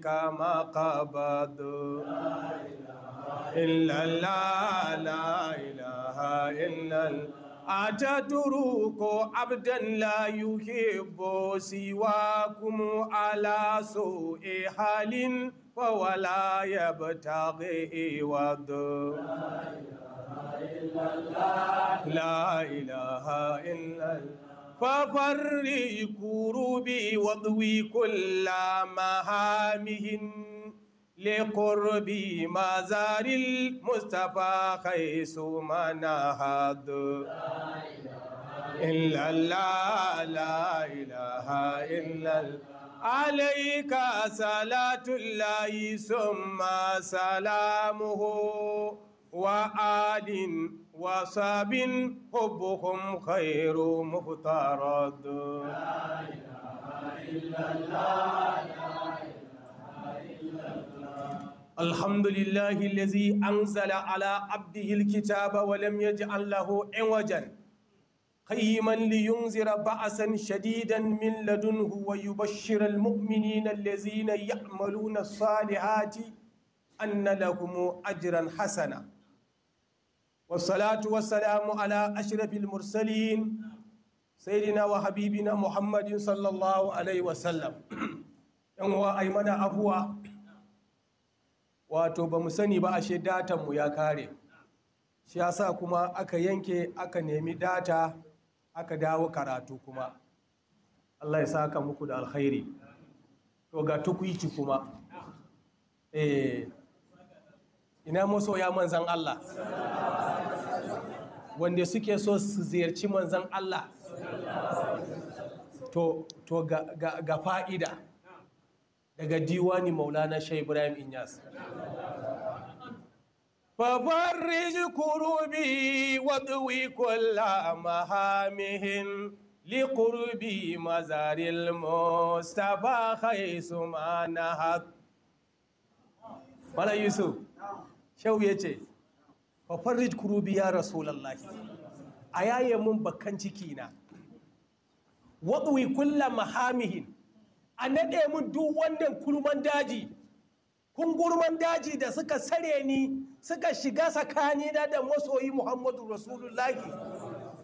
كما قبض إلا الله لا إله إلا الله أتترك عبدا لا يحب سواكم على سوء حال ولا يبتغي وض لا إله إلا الله ففرق ربي واضوي كل مهامهن لقرب مزار المصطفى حيث اله إلا الله لا إله إلا الله عليك صلاة الله ثم سلامه وآل وصاب حبهم خير مفترض لا إله إلا الله لا إله إلا الله الحمد لله الذي أنزل على عبده الكتاب ولم يجعل له عوجا قيما لينذر بأسا شديدا من لدنه ويبشر المؤمنين الذين يعملون الصالحات أن لهم أجرا حسنا wasalatu wasalamu ala ashirafil mursalin sayidina wa na muhammadin sallallahu alaihi wasallam yan wa aimana abuwa wato ba mu sani ba ashe datanmu ya kare shi ya sa kuma aka yanke aka nemi data aka dawo karatu kuma allah ya saka muku da alkhairi to ga tukwici kuma eh ina masoya manzan Allah wanda suke so su ziyarci manzan Allah to, ga, fa'ida daga diwani maulana shai ibrahim inyas فبرج كروبي واضوي kula mahamihin likurubi مزار المصطفى حيث ما نهض Mala Yusuf shehu ya ce fa farij kurubi ya rasulallahi a yaye mun bakan ciki na waɗuwi kulla mahamihin a naɗe mun duk wannan kulman daji kungurman daji da suka sare ni suka shiga tsakanina da masoyi muhammadu rasulullahi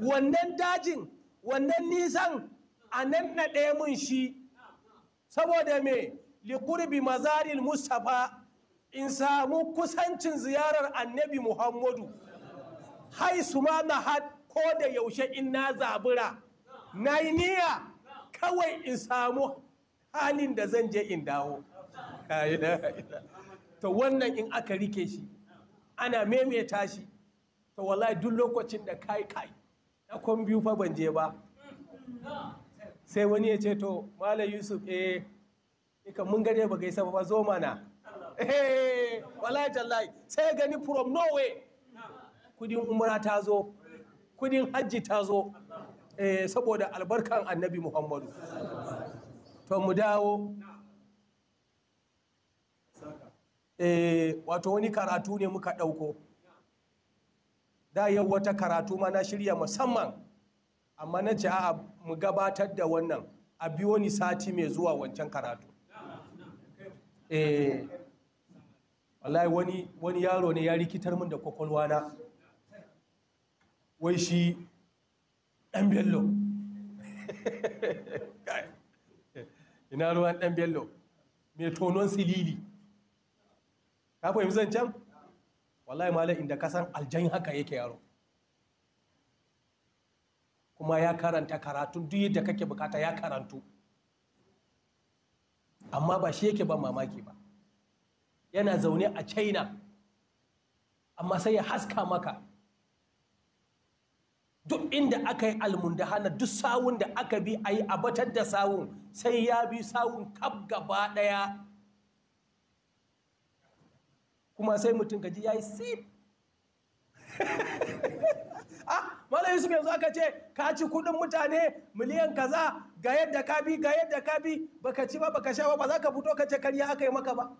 wannan dajin wannan nisan a nan naɗe mun shi saboda mai likurbi mazaril mustapha in samu kusancin ziyarar annabi muhammadu su ma na had ko da yaushe in na zabura na yi niyya kawai in samu halin da zan je in dawo ta wannan in aka rike shi ana maimaita shi ta wallahi duk lokacin da kai kai na kwan biyu fa ban je ba sai wani ya ce to malam yusuf eh ika mun gare ba gaisa ba zo mana eh wallahi tallahi sai gani from Norway. kudin umra ta zo kudin hajji ta zo eh, saboda albarkan annabi Muhammadu to mu dawo eh, wato wani karatu ne muka dauko da yau wata karatu ma na shirya musamman amma na ce a mu gabatar da wannan a biyo ni sati mai zuwa wancan karatu eh wallahi wani wani yaro ne ya rikitar min da kwakwalwa na wai shi dan bello ina ruwan dan bello mai tonon silili ka fahimci zancan wallahi malam inda ka san aljan haka yake yaro kuma ya karanta karatun duk yadda kake bukata ya karantu amma ba shi yake ban mamaki ba yana zaune a china amma sai ya haska maka duk inda aka yi almundahana duk sawun da aka bi a yi abatar da sawun sai ya bi sawun kaf gaba daya kuma sai mutum gaji ya yi sit ah malayi su yanzu aka ce ka ci kudin mutane miliyan kaza ga yadda ka bi ga yadda ka bi baka ci ba baka sha ba ba za ka fito ka ce karya aka yi maka ba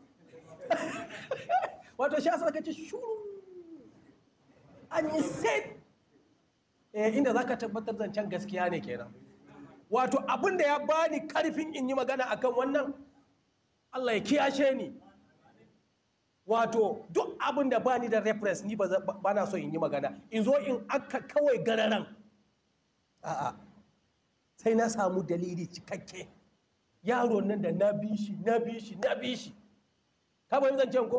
wato shi asa kace shuru an yi set eh inda zaka tabbatar zancen gaskiya ne kenan wato abin ya bani karfin in yi magana akan wannan Allah ya kiyashe ni wato duk abin bani da reference ni ba na so in yi magana in zo in aka kawai gararan a'a sai na samu dalili cikakke yaro nan da na bishi na bishi na bishi. ka bayan zancen ko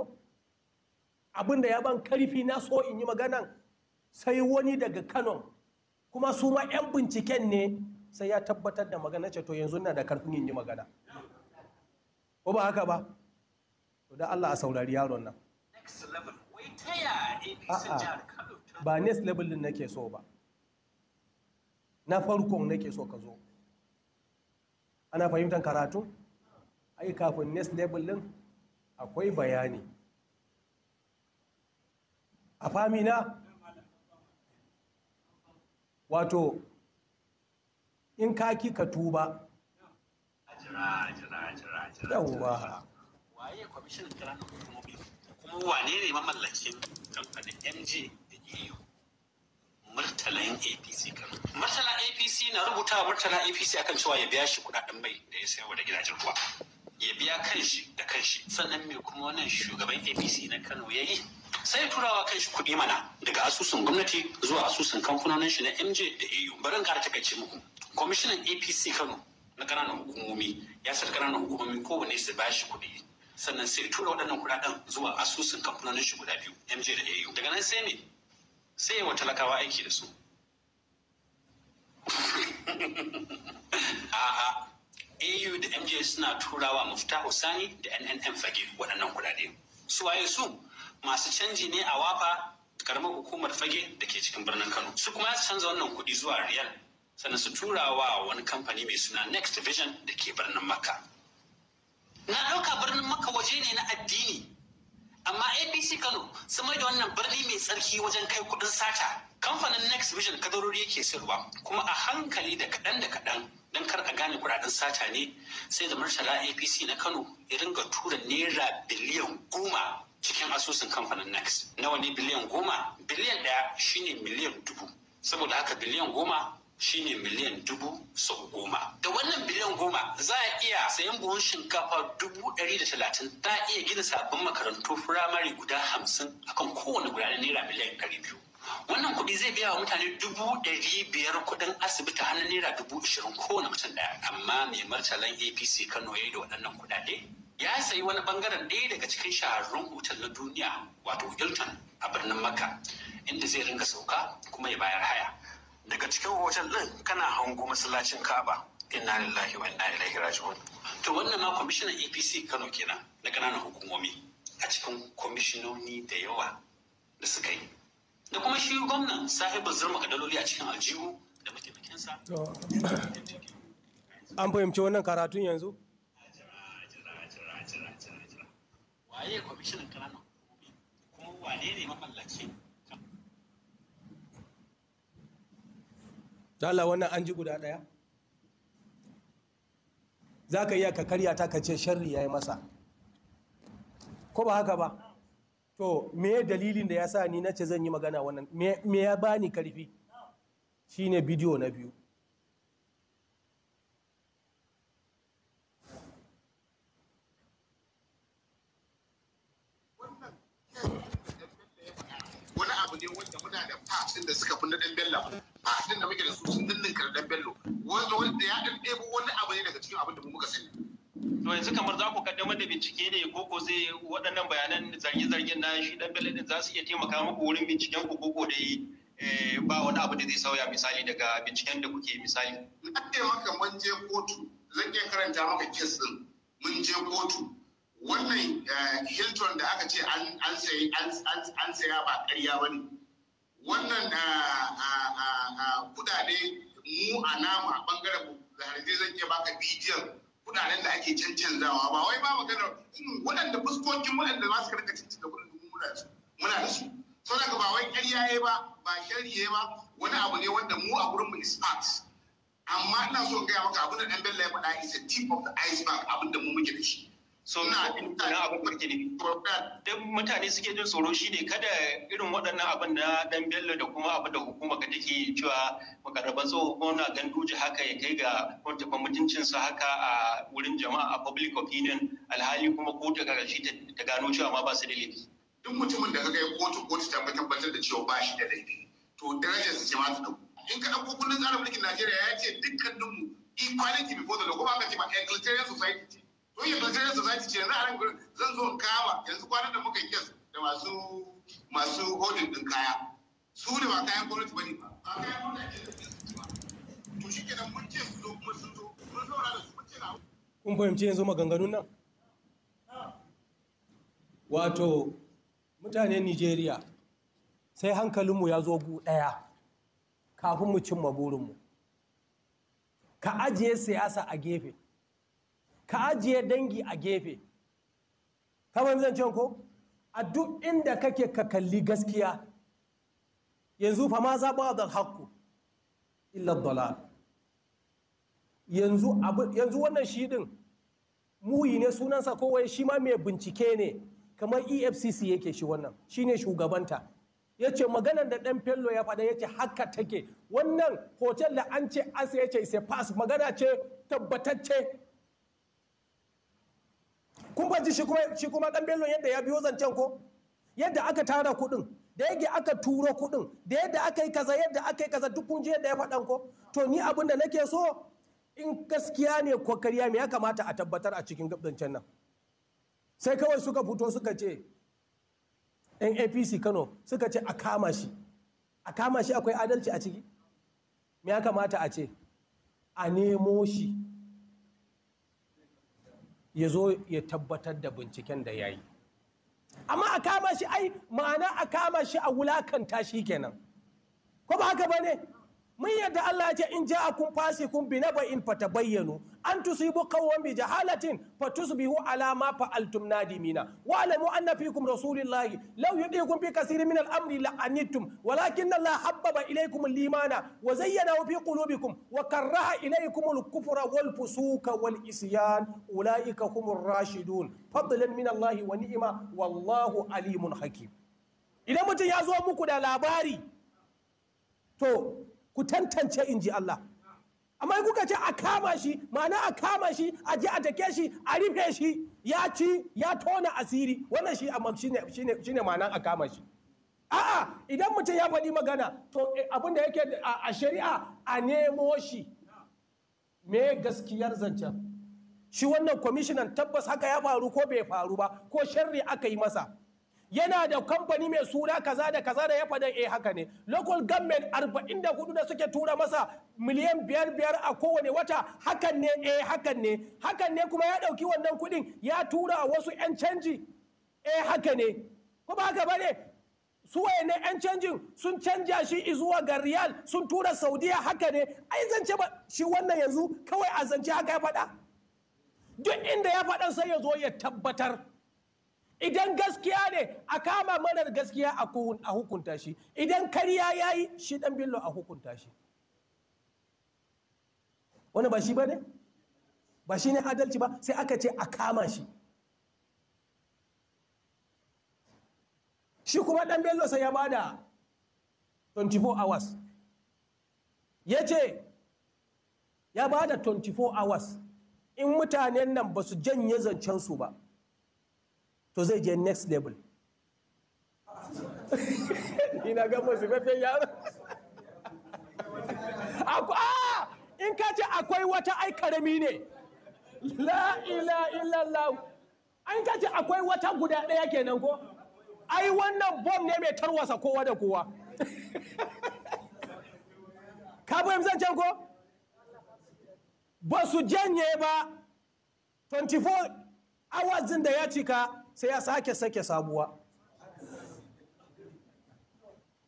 abinda ya ban karfi na so in yi magana sai wani daga kano kuma su ma 'yan binciken ne sai ya tabbatar da magana ce to yanzu na da karfin yin yi magana ko ba haka ba to da Allah a saurari yaron nan ba next level din nake so ba na farkon nake so ka zo ana fahimtar karatu ai kafin next level din akwai bayani a famina wato in kaki ka tuba yawwa waye wane ne mamallakin apc e na rubuta murtala apc akan cewa ya biya shi kudaden mai da ya sayo da gidajen kuwa. ya biya kan shi kan sannan me kuma wannan shugaban apc na kano ya yi sai turawa kan shi kuɗi mana daga asusun gwamnati zuwa asusun kamfanonin shi na mj da au barin kara kace muku kwamishinan apc kano na ƙananan hukumomi ya sa ƙananan hukumomi kowane su ba shi kuɗi sannan sai tura waɗannan kuɗaɗen zuwa asusun kamfanonin shi guda biyu mj da au daga nan sai me sai yawa talakawa aiki da su a'a AU da MJ suna turawa Muftahu hussani da nnn fage waɗannan kuɗaɗe. Su waye su masu canji ne a wafa karamar hukumar fage da ke cikin birnin Kano. Su kuma ya canza wannan kuɗi zuwa riyal sannan su turawa wani kamfani mai suna Next Vision da ke birnin Makka. Na ɗauka birnin Makka waje ne na addini amma APC Kano sun mai da wannan birni mai tsarki wajen kai kuɗin sata. Kamfanin Next Vision kadarori yake sirwa kuma a hankali da kaɗan da kaɗan don kar a gane kudaden sata ne sai da martala apc na kano ya ringa tura naira biliyan goma cikin asusun kamfanin next Na wani biliyan goma biliyan daya shine miliyan dubu saboda haka biliyan goma shine miliyan dubu sau goma da wannan biliyan goma za a iya sayan buhun shinkafa dubu ɗari da talatin ta a iya gina sabbin makarantu firamare guda hamsin akan kowane guda naira miliyan ɗari biyu wannan kuɗi zai biya wa mutane dubu ɗari biyar kuɗin asibiti hannun naira dubu ishirin kowane mutum ɗaya amma mai martalan apc kano ya yi da waɗannan kuɗaɗe ya sayi wani bangaren ɗaya daga cikin shahararrun hotel na duniya wato hilton a birnin makka inda zai ringa sauka kuma ya bayar haya daga cikin hotel ɗin kana hango masallacin kaba inna lillahi wa inna ilaihi raji'un to wannan ma kwamishinan apc kano kenan na ƙananan hukumomi a cikin kwamishinoni da yawa da suka yi da kuma shi gwamnan sahibu maka daloli a cikin aljihu da mataimakinsa an fahimci wannan karatun yanzu waye kwamishinan kananan kuma wane ne mamallakin Allah wannan an ji guda ɗaya za ka iya ka karya ta ka ce sharri ya yi masa ko ba haka ba to me dalilin da ya sa ni nace zan yi magana wannan me ya bani karfi shine bidiyo na biyu wani abu ne wanda muna da fasin da suka fi na dan bello fasin da muke da su sun dinnin kar dan bello wanda wanda ya dan ɗebo wani abu ne daga cikin abin da mu muka sani to yanzu kamar za ku kaddamar da bincike ne ko ko zai waɗannan bayanan zarge-zargen na shi ɗan bello din za su iya taimaka muku wurin binciken ku ko dai eh, ba wani abu da zai sauya misali daga binciken da kuke misali na maka mun je kotu zan iya karanta maka kes ɗin mun je kotu wannan eh, hilton da aka ce an saya ba karya ba ne wannan eh, kudade mu a nama bangaren zahar zai zan iya baka bidiyon kudaden da ake cancanzawa ba wai ba maganar waɗanda fuskokin waɗanda za su rika da wurin dubu muna su muna da su so daga ba wai ƙarya ba ba ƙarya ba wani abu ne wanda mu a wurin mu is fact amma ina so gaya maka abin da dan bella ya faɗa is a tip of the iceberg abin da mu muke da shi so na abin ne don mutane suke jin tsoro shine kada irin waɗannan abin na dan bello da kuma abin da hukuma ka take cewa makarraban tsoho ko na ganduje haka ya kai ga kwantafan mutuncinsa haka a wurin jama'a a public opinion alhali kuma ko ta karshe ta gano cewa ma ba su da laifi duk mutumin da kaga ya kotu kotu ta tabbatar da cewa ba shi da laifi to darajar su ce ma ta in ka dauko kundin tsarin mulkin Najeriya ya ce dukkaninmu equality before the law kuma aka ce ma egalitarian society kun su za society ce yanzu a nan zan zo kama yanzu kwanan da muka kes da masu masu hodin din kaya su ne ba kayan gwamnati bane ba ba kayan gwamnati ne ba to shi kenan mun ce su zo kuma sun zo mun zauna da su mun ce na kun fahimci yanzu maganganun nan wato mutanen nigeria sai hankalinmu ya zo gu ɗaya kafin mu cimma burinmu ka ajiye siyasa a gefe ka ajiye dangi a gefe kamar zancen ko a duk inda kake ka kalli gaskiya yanzu fa ma zaɓa da haƙƙu illa dalal yanzu wannan shi din muyi ne sunansa kowai shi ma mai bincike ne kamar efcc yake shi wannan Shi ne shugabanta ya ce maganar da ɗan fello ya faɗa ya ce haka take wannan hotel da an ce asa ya ce pass magana ce tabbatacce kun faji shi kuma ɗan bello yadda ya biyo zancen ko yadda aka tara kuɗin da yadda aka turo kuɗin da yadda aka yi kaza yadda aka yi kaza duk kun ji yadda ya faɗan ko to ni abin da nake so in gaskiya ne ko karya me ya kamata a tabbatar a cikin gabdancen nan sai kawai suka fito suka ce NAPC kano suka ce a kama shi a kama shi akwai adalci a ciki me ya kamata a ce a nemo shi ya zo ya tabbatar da binciken da ya yi amma a kama shi ai ma'ana a kama shi a wulakanta shi kenan ko ba haka ba ne mun yadda Allah ya ce in a ja'akum kun bi naba'in fatabayyanu an tusibu qawman bi jahalatin fatusbihu alama fa fa'altum nadimina wa alamu anna fikum rasulillahi law yudikum fi kaseerin min al-amri la anittum walakin Allah habbaba ilaykum limana wa zayyana fi qulubikum wa karaha ilaykum al-kufra wal fusuka wal isyan ulaika humur rashidun fadlan min Allah wa ni'ma wallahu alimun hakim idan mutum ya zo muku da labari to ku tantance in ji Allah amma kuka ce a kama shi ma'ana a kama shi a je a take shi a rufe shi ya ci ya tona asiri wannan shi amma shine ma'anan a kama shi a'a idan mutum ya faɗi magana to eh, abin da yake a shari'a a nemo shi me gaskiyar zancen shi wannan kwamishinan tabbas haka ya faru ko bai faru ba ko sharri aka yi masa yana da kamfani mai suna kaza da kaza da ya faɗa eh haka ne local government arba'in da hudu da suke tura masa miliyan biyar biyar a kowane wata hakan ne eh hakan ne hakan ne kuma ya ɗauki wannan kuɗin ya tura wasu 'yan canji eh haka ne ko ba haka bane su ne 'yan canjin sun canja shi izuwa ga riyal sun tura saudiya haka ne ai zance ba shi wannan yanzu kawai a zance haka ya faɗa duk inda ya faɗa sai ya zo ya tabbatar idan gaskiya ne a kama marar gaskiya a hukunta shi idan karya ya yi shi dan billo a hukunta shi wani ba shi ba ne ba shi ne adalci ba sai aka ce a kama shi shi kuma dan billo sai ya bada 24 hours ya ce ya bada 24 hours in mutanen nan ba su janye su ba to zai je next level ina ga masu mafiyan yaro ah! in ka ce akwai wata ai karami ne la ila illallah an ka ce akwai wata guda ɗaya kenan ko ai wannan bom ne mai tarwasa kowa da kowa ka bayan zancen ko ba su janye ba 24 hours din da ya cika sai ya sake sake sabuwa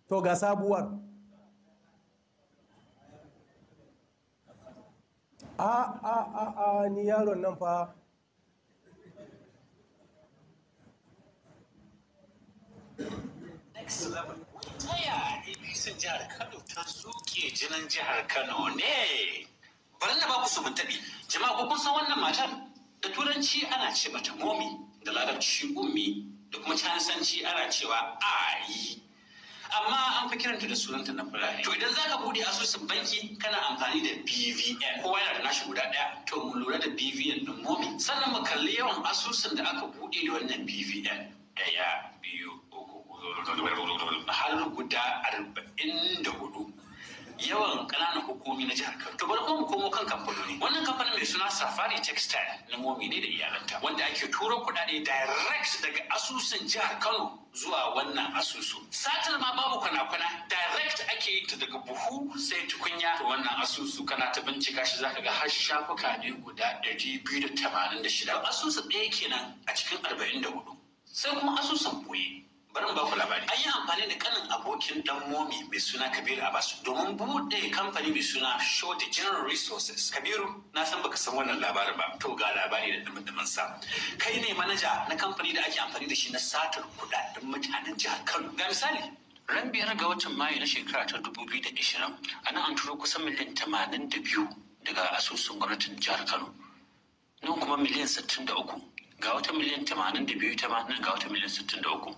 to ga sabuwar a a a a ni yaron nan fa ta yaya ibisin jihar kano ta suke jinan jihar kano ne bari na ba ku su mun tabi jama'a kun san wannan matan? da turanci ana ce mata momi da larabci ummi da kuma cansanci ana cewa a yi, amma an fi kiranta da sunanta na fulani to idan zaka bude asusun banki kana amfani da BVN kowa yana da nashi guda daya to mu lura da BVN din momi sannan mu kalli yawan asusun da aka bude da wannan BVN daya biyu uku har guda arba'in da hudu yawan ƙananan hukumi na jihar Kano. To bari kuma mu komo kan kamfanoni. Wannan kamfanin mai suna Safari Textile na momi ne da iyalanta wanda ake turo kuɗaɗe direct daga asusun jihar Kano zuwa wannan asusu. Satar ma babu kwana-kwana direct ake yi ta daga buhu sai tukunya To wannan asusu kana ta bincika shi zaka ga har shafuka ne guda ɗari biyu da tamanin da shida. Asusu ɗaya kenan a cikin arba'in da hudu. Sai kuma asusun boye. bari ba ku labari an yi amfani da kanin abokin dan momi mai suna kabiru a abbas domin bude kamfani mai suna show the general resources kabiru na san baka san wannan labarin ba to ga labari da dumin sa kai ne manaja na kamfani da ake amfani da shi na satar kudaden mutanen jihar kano ga misali ran biyar ga watan mayu na shekara ta 2020 ana an turo kusan miliyan 82 daga asusun gwamnatin jihar kano nan kuma miliyan uku. ga wata miliyan tamanin da biyu tamanin ga wata miliyan sittin da uku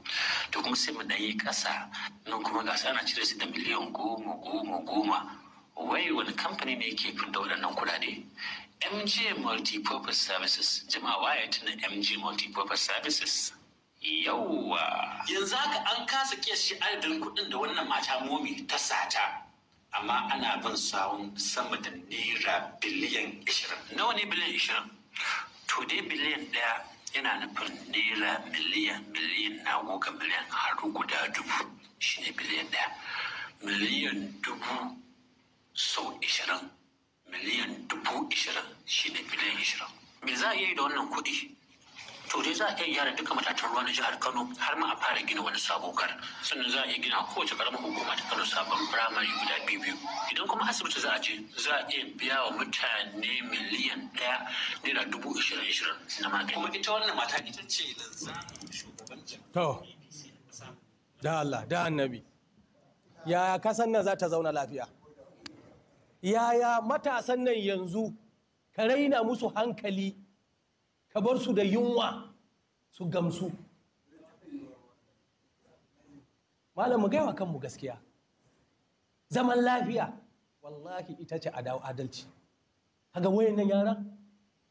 to kuma sai mu ɗanyi ƙasa nan kuma ga ana cire su da miliyan goma goma goma wai wani kamfani ne ke da waɗannan kuɗaɗe mg multipurpose services jama'a waya tuna mg multipurpose services yauwa yanzu haka an kasa shi adadin kuɗin da wannan mata momi ta sata amma ana bin sawun sama da naira biliyan 20 nawa ne biliyan 20 to dai biliyan ɗaya yana nufin naira miliyan miliyan na goga miliyan har guda dubu shine biliyan ɗaya miliyan dubu sau ishirin miliyan dubu ishirin shine biliyan ishirin me za a yi da wannan kuɗi to dai za a iya gyara duka matatan ruwa na jihar kano har ma a fara gina wani sabo kar sannan za a iya gina kowace karamar hukuma ta kano sabon firamare guda biyu biyu idan kuma asibiti za a je za a iya biya wa mutane miliyan ɗaya naira dubu ishirin ishirin na magani kuma ita wannan mata ita ce to da Allah da annabi yaya kasan nan za ta zauna lafiya yaya matasan nan yanzu ka raina musu hankali ka bar su da yunwa su gamsu malam mu gaiwa kanmu gaskiya zaman lafiya wallahi ita ce a adalci kaga wayannan yara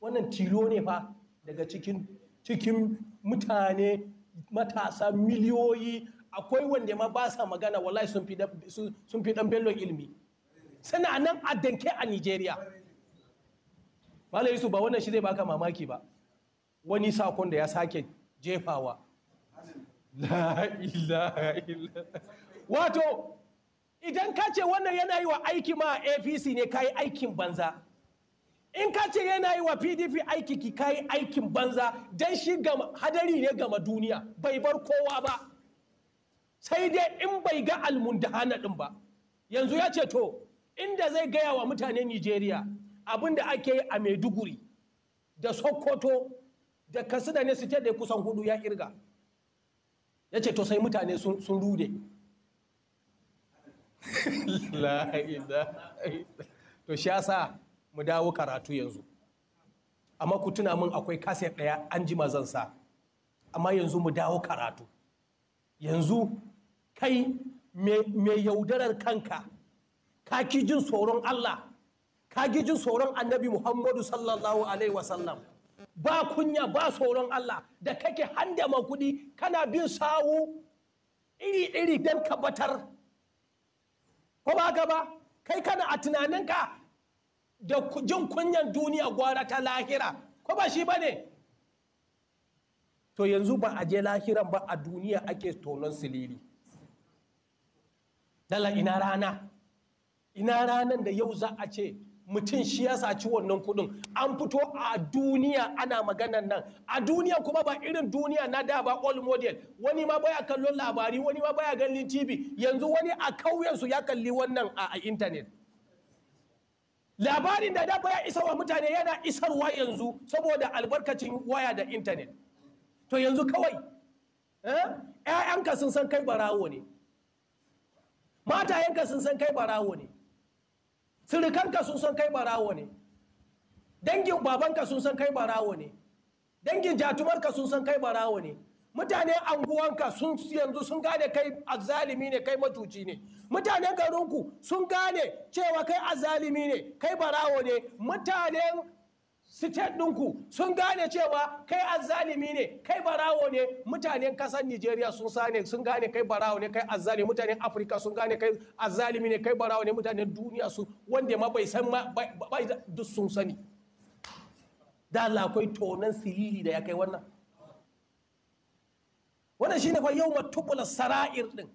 wannan tilo ne fa daga cikin cikin mutane matasa miliyoyi akwai wanda ma ba sa magana wallahi sun fi dan bellon ilmi suna nan a danke a nigeria malam yusuf ba wannan shi zai baka mamaki ba wani sakon da ya sake jefawa wato idan ka ce wannan yana yi wa aiki ma apc ne ka yi aikin banza in ka ce yana yi wa pdp aiki ki ka yi aikin banza don shi hadari ne gama duniya bai bar kowa ba sai dai in bai ga almundahana din ba yanzu ya ce to inda zai gaya wa mutanen nigeria abin da ake yi a maiduguri da sokoto da kasu da ne su ce da kusan hudu ya kirga ya ce to sai mutane sun rude to shi sa mu dawo karatu yanzu amma ku tuna min akwai kaset ɗaya an ji zan amma yanzu mu dawo karatu yanzu kai mai yaudarar kanka ka ki jin tsoron Allah ka ki jin tsoron annabi Muhammadu sallallahu alaihi wasallam ba kunya ba tsoron Allah da kake handama kuɗi kana bin sawu iri-iri don kabatar ko ba ka ba kai kana a tunaninka da jin kunyan duniya gwara ta lahira ko ba shi ba ne to yanzu ba a je lahiran ba a duniya ake tonon siliri dala ina rana ina ranan da yau za a ce mutum shi ya saci wannan kudin an fito a duniya ana maganan nan a duniya kuma ba irin duniya na da ba all model wani ma baya kallon labari wani ma baya ganin tv yanzu wani a kauyensu ya kalli wannan a intanet labarin da da baya isarwa mutane yana isarwa yanzu saboda albarkacin waya da intanet to yanzu kawai ‘ya'yanka eh, sun san kai barawo ne matayenka sun san kai barawo ne sirikanka sun san kai barawo ne dangin babanka sun san kai barawo ne dangin jatumarka sun san kai barawo ne mutane anguwanka sun yanzu sun gane kai azalimi ne kai matuci ne mutanen garinku sun gane cewa kai azalimi ne kai barawo ne mutanen state ɗinku sun gane cewa kai azzalimi ne kai barawo ne mutanen kasar nigeria sun sane sun gane kai barawo ne kai azzalimi mutanen afirka sun gane kai azzalimi ne kai barawo ne mutanen duniya su wanda ma bai san ma bai duk sun sani da la akwai tonan siriri da ya kai wannan wannan shine fa yau matubula sara'ir din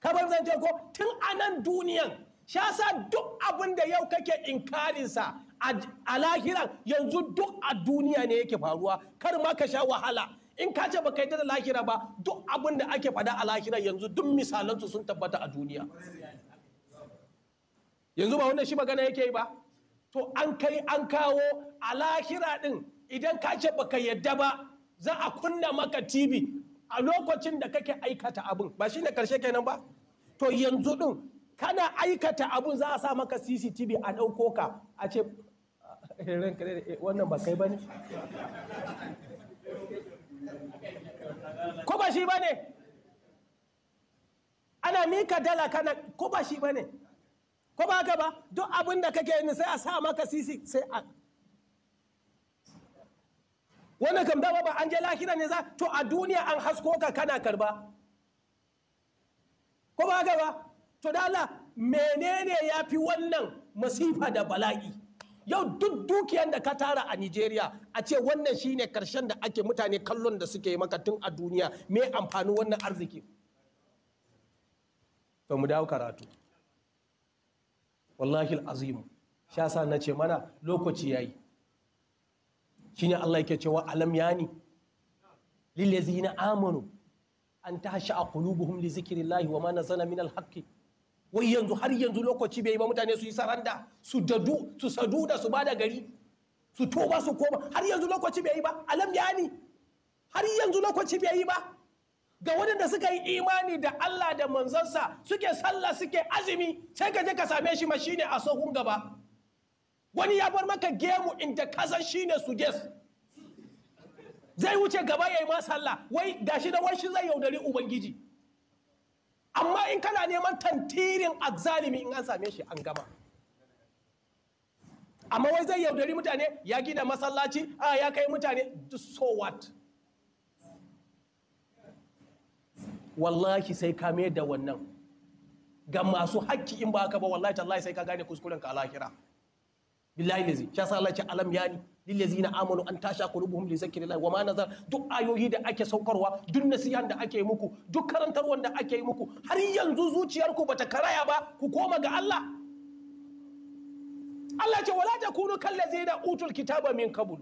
kamar zance ko tun anan duniyan sha sa duk abin da yau kake inkarinsa a a lahira yanzu duk a duniya ne yake faruwa kar ma ka sha wahala in ka ce baka yadda da lahira ba duk abin da ake fada a lahira yanzu duk misalansu sun tabbata a duniya yanzu ba wannan shi magana yake yi ba to an kai an kawo a lahira din idan ka ce baka yadda ba za a kunna maka tv a lokacin da kake aikata abin ba shi ne karshe kenan ba to yanzu din kana aikata abin za a sa maka cctv a ɗauko ka a ce Eh, ran ka eh, wannan ba kai ne ko ba shi bane ana mika dala kana ko ba shi bane ko ba ka ba duk abin da kake yi sai a sa maka sisi sai a wannan kam dama ba an je lahira ne za to a duniya an hasko ka kana karba ko ba ka ba to da menene ya fi wannan masifa da bala'i yau duk dukiyar da ka tara a Nigeria a ce wannan shine karshen da ake mutane kallon da suke maka tun a duniya me amfanin wannan arziki to mu dawo karatu wallahi alazim sha sa na ce mana lokaci yayi shine Allah yake cewa alam yani lillazina amanu an tahsha qulubuhum li zikrillahi wa ma nazala min alhaqqi wai yanzu har yanzu lokaci bai ba mutane su yi saranda su dadu su sadu da su bada gari su toba su koma har yanzu lokaci bai yi ba alam yani har yanzu lokaci bai yi ba ga waɗanda suka yi imani da Allah da manzansa suke sallah suke azumi sai ka je ka same shi ma shine a sahun gaba wani ya bar maka gemu inda kasan shine su ges zai wuce gaba yayi ma sallah wai gashi da wai shi zai yaudari ubangiji amma in kana neman tantirin azzalimi in an same shi an gama amma wai zai yaudari mutane ya gina masallaci a ya kai mutane so what wallahi sai ka da wannan ga masu haƙƙi in ba ka ba wallahi tallahi sai ka gane kuskuren ka lahira billahi lazi shi yasa Allah ya ce alam yani lazina amanu an tasha qulubuhum li zikri llahi wama nazar duk ayoyi da ake saukarwa duk nasihan da ake muku duk karantarwar da ake yi muku har yanzu zuciyarku bata karaya ba ku koma ga Allah Allah ce wala takunu lazina utul kitaba min qablu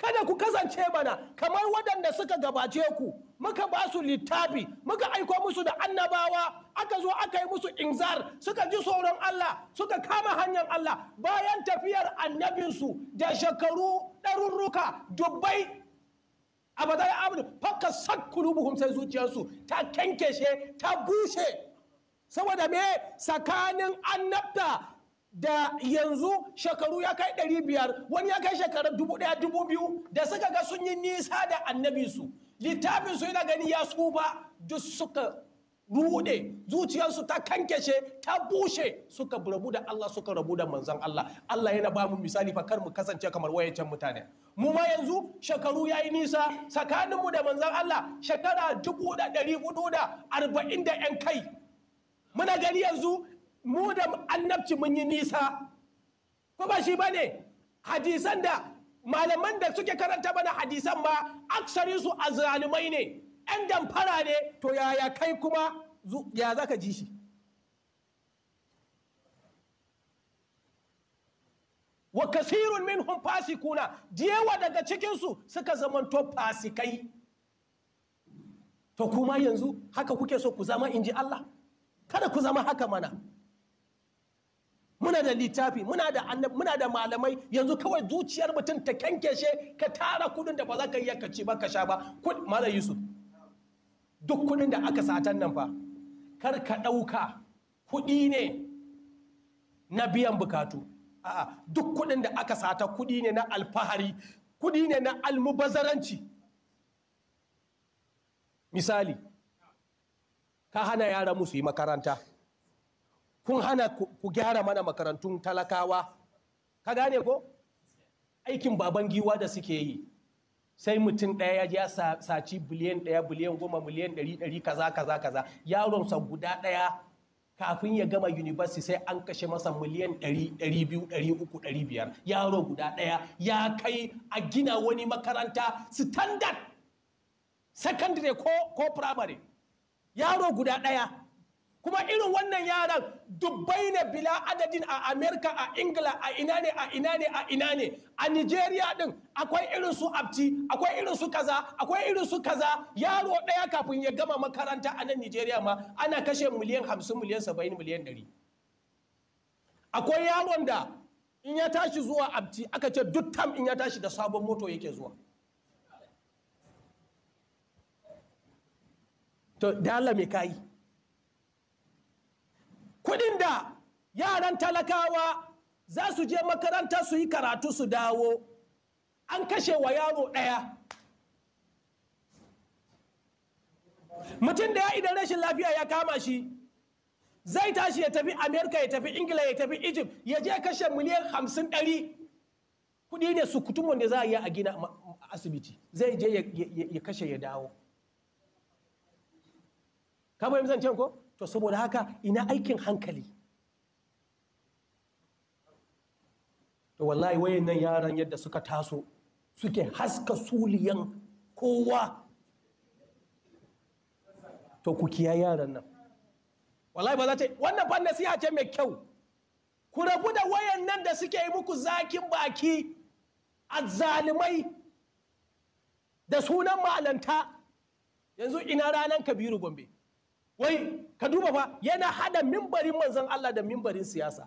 kada ku kasance mana kamar waɗanda suka gabace ku muka ba su littafi muka aiko musu da annabawa aka zo aka yi musu inzar suka ji tsoron Allah suka kama hanyar Allah bayan tafiyar annabinsu da shekaru ɗarurruka dubbai A abadai abin fakka sakkulubuhum sai zuciyarsu ta kenkeshe ta bushe saboda me tsakanin annabta da yanzu shekaru ya kai 500 wani ya kai shekarar biyu da suka ga sun yi nisa da annabinsu littafin su yana gani ya tsufa duk suka rude zuciyarsu ta kankeshe ta bushe suka rabu da Allah suka rabu da manzon Allah Allah yana ba mu misali fa kar mu kasance kamar wayancan mutane mu ma yanzu shekaru yayi nisa mu da manzan Allah shekara dubu da ɗari hudu da arba'in da ‘yan kai muna gani yanzu mu da annabci mun yi nisa ko ba shi bane hadisan da malaman da suke karanta mana hadisan ba aksarin su azzalumai ne yan damfara ne to yaya kai kuma ya zaka ji shi wa kasirun fasi kuna diyawa daga cikinsu suka zamanto fasikai to kuma yanzu haka kuke so ku zama inji Allah kada ku zama haka mana muna da littafi muna da muna da malamai yanzu kawai zuciyar mutum ta kankeshe ka tara kudin da ba za ka iya ka ci ba ka sha ba malam yusuf duk kudin da aka satan nan fa kar ka ɗauka kudi ne na biyan bukatu a'a duk kudin da aka sata kudi ne na alfahari kudi ne na almubazaranci misali ka hana yara musu yi makaranta kun hana ku gyara mana makarantun talakawa ka gane ko aikin baban giwa da suke yi sai mutum ɗaya ya saci biliyan ɗaya biliyan goma miliyan ɗari ɗari kaza kaza kaza yaronsa guda ɗaya kafin ya gama yunibasi sai an kashe masa miliyan ɗari ɗari biyu ɗari uku ɗari biyar yaro guda ɗaya ya kai a gina wani makaranta standard secondary ko primary yaro guda ɗaya kuma irin wannan yaran dubbai ne bila adadin a america a ingila a ina ne a ina ne a ina ne a nigeria din akwai irin su abti akwai irin su kaza akwai irin su kaza yaro ɗaya kafin ya gama makaranta a nan nigeria ma ana kashe miliyan hamsin miliyan saba'in miliyan ɗari akwai yaron da in ya tashi zuwa abti aka ce duk tam in ya tashi da sabon moto yake zuwa to da Allah me kayi kudin da yaran talakawa za su je makaranta su yi karatu su dawo an kashe wa yaro ɗaya mutum da ya idan rashin lafiya ya kama shi zai tashi ya tafi amerika ya tafi ingila ya tafi egypt ya je kashe miliyan hamsin ɗari kudi ne su kutumun da za a yi a gina asibiti zai je ya kashe ya dawo kamar yi zancen ko? to saboda haka ina aikin hankali to wallahi wayannan yaran yadda suka taso suke haska suliyan kowa to ku kiya yaran nan wallahi ba za ta wannan fa nasiha ce mai kyau ku rabu da wayannan da suke yi muku zakin baki zalimai da sunan malanta yanzu ina ranar kabiru gombe wai ka duba fa yana hada mimbarin manzon Allah da mimbarin siyasa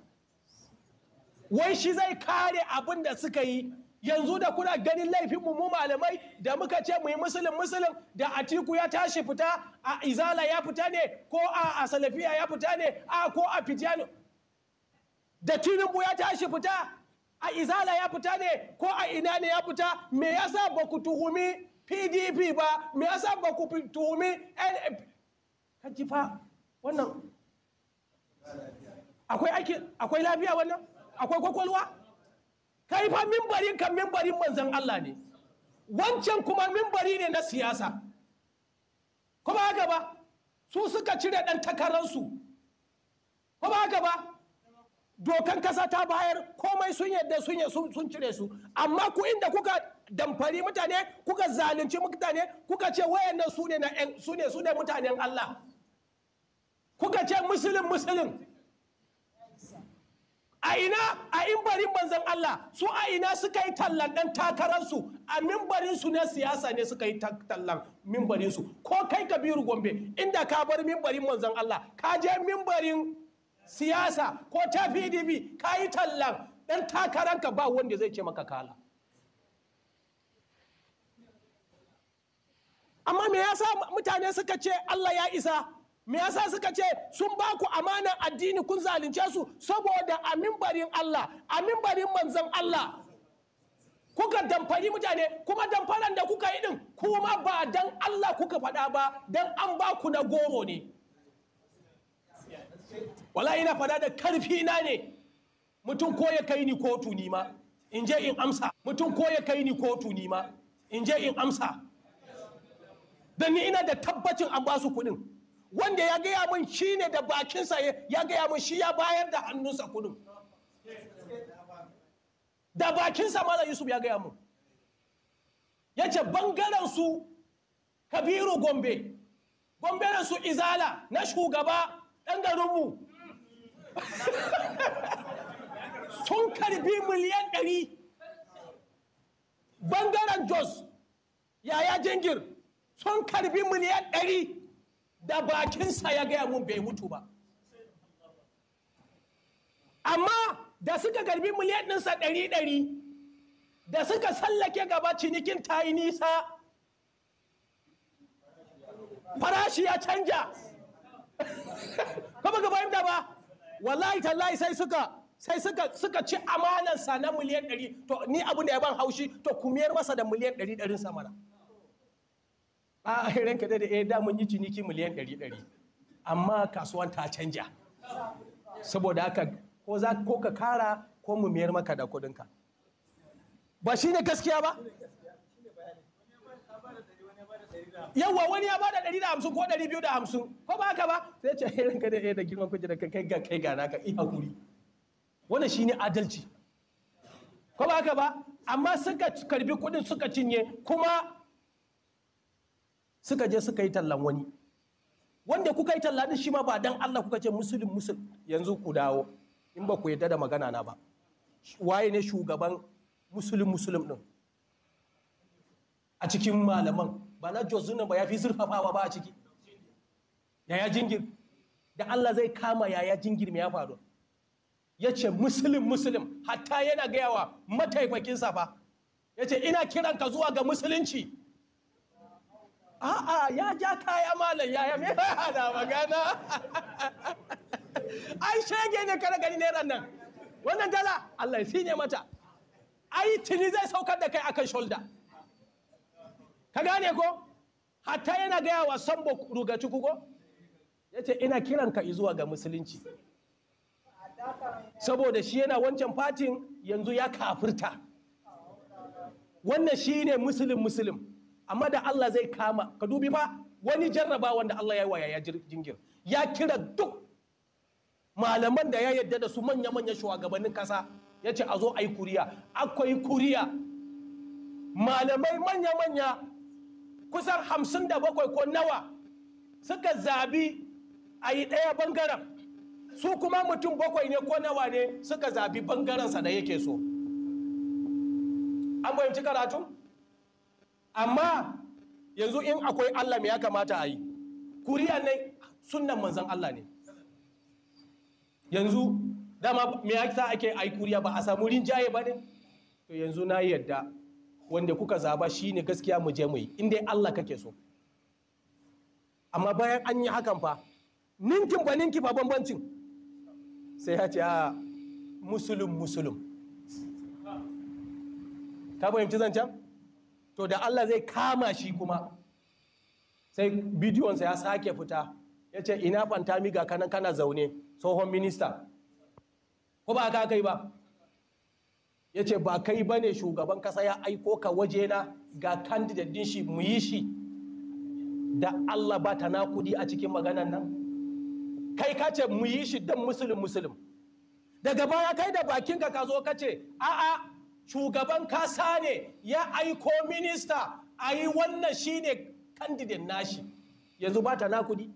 wai shi zai kare abin da suka yi yanzu da kuna ganin laifin mu malamai da muka ce mu yi musulun musulun da atiku ya tashi fita a izala ya fita ne ko a, asalafiya ya fita ne a ko a fitiyano da tinubu ya tashi fita a izala ya fita ne ko a ina ne ya fita me yasa ba ku tuhumi pdp ba me yasa ba ku tuhumi ka ji fa wannan akwai aiki akwai lafiya wannan akwai kwakwalwa kaifa fa mimbarin kan mimbarin manzon Allah ne wancan kuma mimbari ne na siyasa kuma haka ba su suka cire ɗan takararsu kuma haka ba dokan kasa ta bayar komai sun yadda sun cire su amma ku inda kuka damfari mutane kuka zalunci mutane kuka ce wayannan su ne na su ne su ne mutanen Allah kuka ce musulun musulun a ina a imbarin banzan Allah su a ina suka yi tallan dan takararsu a mimbarinsu na siyasa ne suka yi tallan mimbarinsu ko kai kabiru gombe inda ka bar mimbarin manzan Allah ka je mimbarin siyasa ko ta pdp ka yi tallan dan takararka ba wanda zai ce maka kala amma me yasa mutane suka ce Allah ya isa me yasa suka ce sun ba ku amanar addini kun zalunce su saboda a mimbarin Allah a manzon Allah kuka damfari mutane kuma damfaran da kuka yi din kuma ba dan Allah kuka faɗa ba dan an ba ku na goro ne wallahi ina faɗa da karfi na ne mutum ko ya kai ni kotu ni ma in je in amsa mutum ko ya kai ni kotu ni ma in je in amsa da ni ina da tabbacin an ba su kuɗin wanda ya gaya min shi ne da bakinsa ya gaya min shi ya bayar da hannunsa kuɗin da bakinsa mala yusuf ya gaya min yace ce bangaren su kabiru gombe bangaren su izala na shugaba ɗan garinmu sun karbi miliyan ɗari bangaren jos yaya jingir sun karbi miliyan ɗari da bakinsa ya gaya mun bai mutu ba amma da suka karbi miliyan ɗinsa ɗari ɗari da suka sallake gaba cinikin ta yi nisa farashi ya canja kuma gaba yadda ba wallahi tallahi sai suka sai suka suka ci amanansa na miliyan ɗari to ni abu da ya ban haushi to kumiyar masa da miliyan ɗari ɗarin samara. a ranka da da eh, da mun yi ciniki miliyan 100 amma kasuwan ta canja saboda haka ko za ko ka kara ko mu miyar maka da kudinka ba shi ne gaskiya ba yawwa wani ya bada ɗari da hamsin ko ɗari biyu da hamsin ko ba haka ba sai ce ai eh, ranka da eh, da girman kujera ka kai ga kai ga naka i hakuri wannan shine adalci ko ba haka ba amma suka karbi kuɗin suka cinye kuma suka je suka yi tallan wani wanda kuka yi talla din shi ma ba dan Allah kuka ce musulun musul yanzu ku dawo in ba ku yarda da magana na ba waye ne shugaban musulun musulun din a cikin malaman ba na Jos ba ya fi zurfafawa ba a ciki yaya jingir da Allah zai kama yaya jingir me ya faru ya ce musulun musulun hatta yana gayawa mataifakinsa fa ya ce ina kiranka zuwa ga musulunci a'a ya ja kaya malam yaya me ba da magana ai shege ne kare gani ne nan wannan dala Allah ya ne mata ai tuni zai saukar da kai akan shoulder ka gane ko hatta yana gaya wa sambo rugaci kuko ya ina kiranka zuwa ga musulunci saboda shi yana wancan fatin yanzu ya kafirta wannan shi ne musulun musulun amma da Allah zai kama ka dubi ba wani jarraba wanda Allah ya yi wa ya jingir ya kira duk malaman da ya yadda da su manya-manya shugabannin kasa ya ce a zo a yi kuriya akwai kuriya malamai manya-manya kusan hamsin da bakwai ko nawa suka zabi a yi ɗaya bangaren su kuma mutum bakwai ne ko nawa ne suka zabi bangarensa da yake so an fahimci karatu? amma yanzu in akwai Allah me ya kamata a yi kuriya ne, sunan manzan Allah ne yanzu dama me ya ta ake yi kuriya ba a samu rinjaye ba ne to yanzu na yadda wanda kuka zaba shi ne gaskiya mu je mu yi in dai Allah kake so amma bayan an yi hakan fa ninkin ba ninki ba bambancin sai ya ce a musulun musulun ka fahimci zancen? to da Allah zai kama shi kuma sai bidiyonsa ya sake fita ya ce ina fantami ga kanan kana zaune tsohon minista ko ba ka kai ba ya ce ba kai ba ne shugaban kasa ya aiko ka waje na ga candidate shi mu yi shi da Allah ba ta nakudi a cikin maganan nan kai ka ce mu yi shi dan musulun musulun daga baya kai da bakinka ka zo ka ce a'a shugaban kasa ne ya aiko minista a yi wannan shi ne kandidin nashi yanzu ba ta nakudi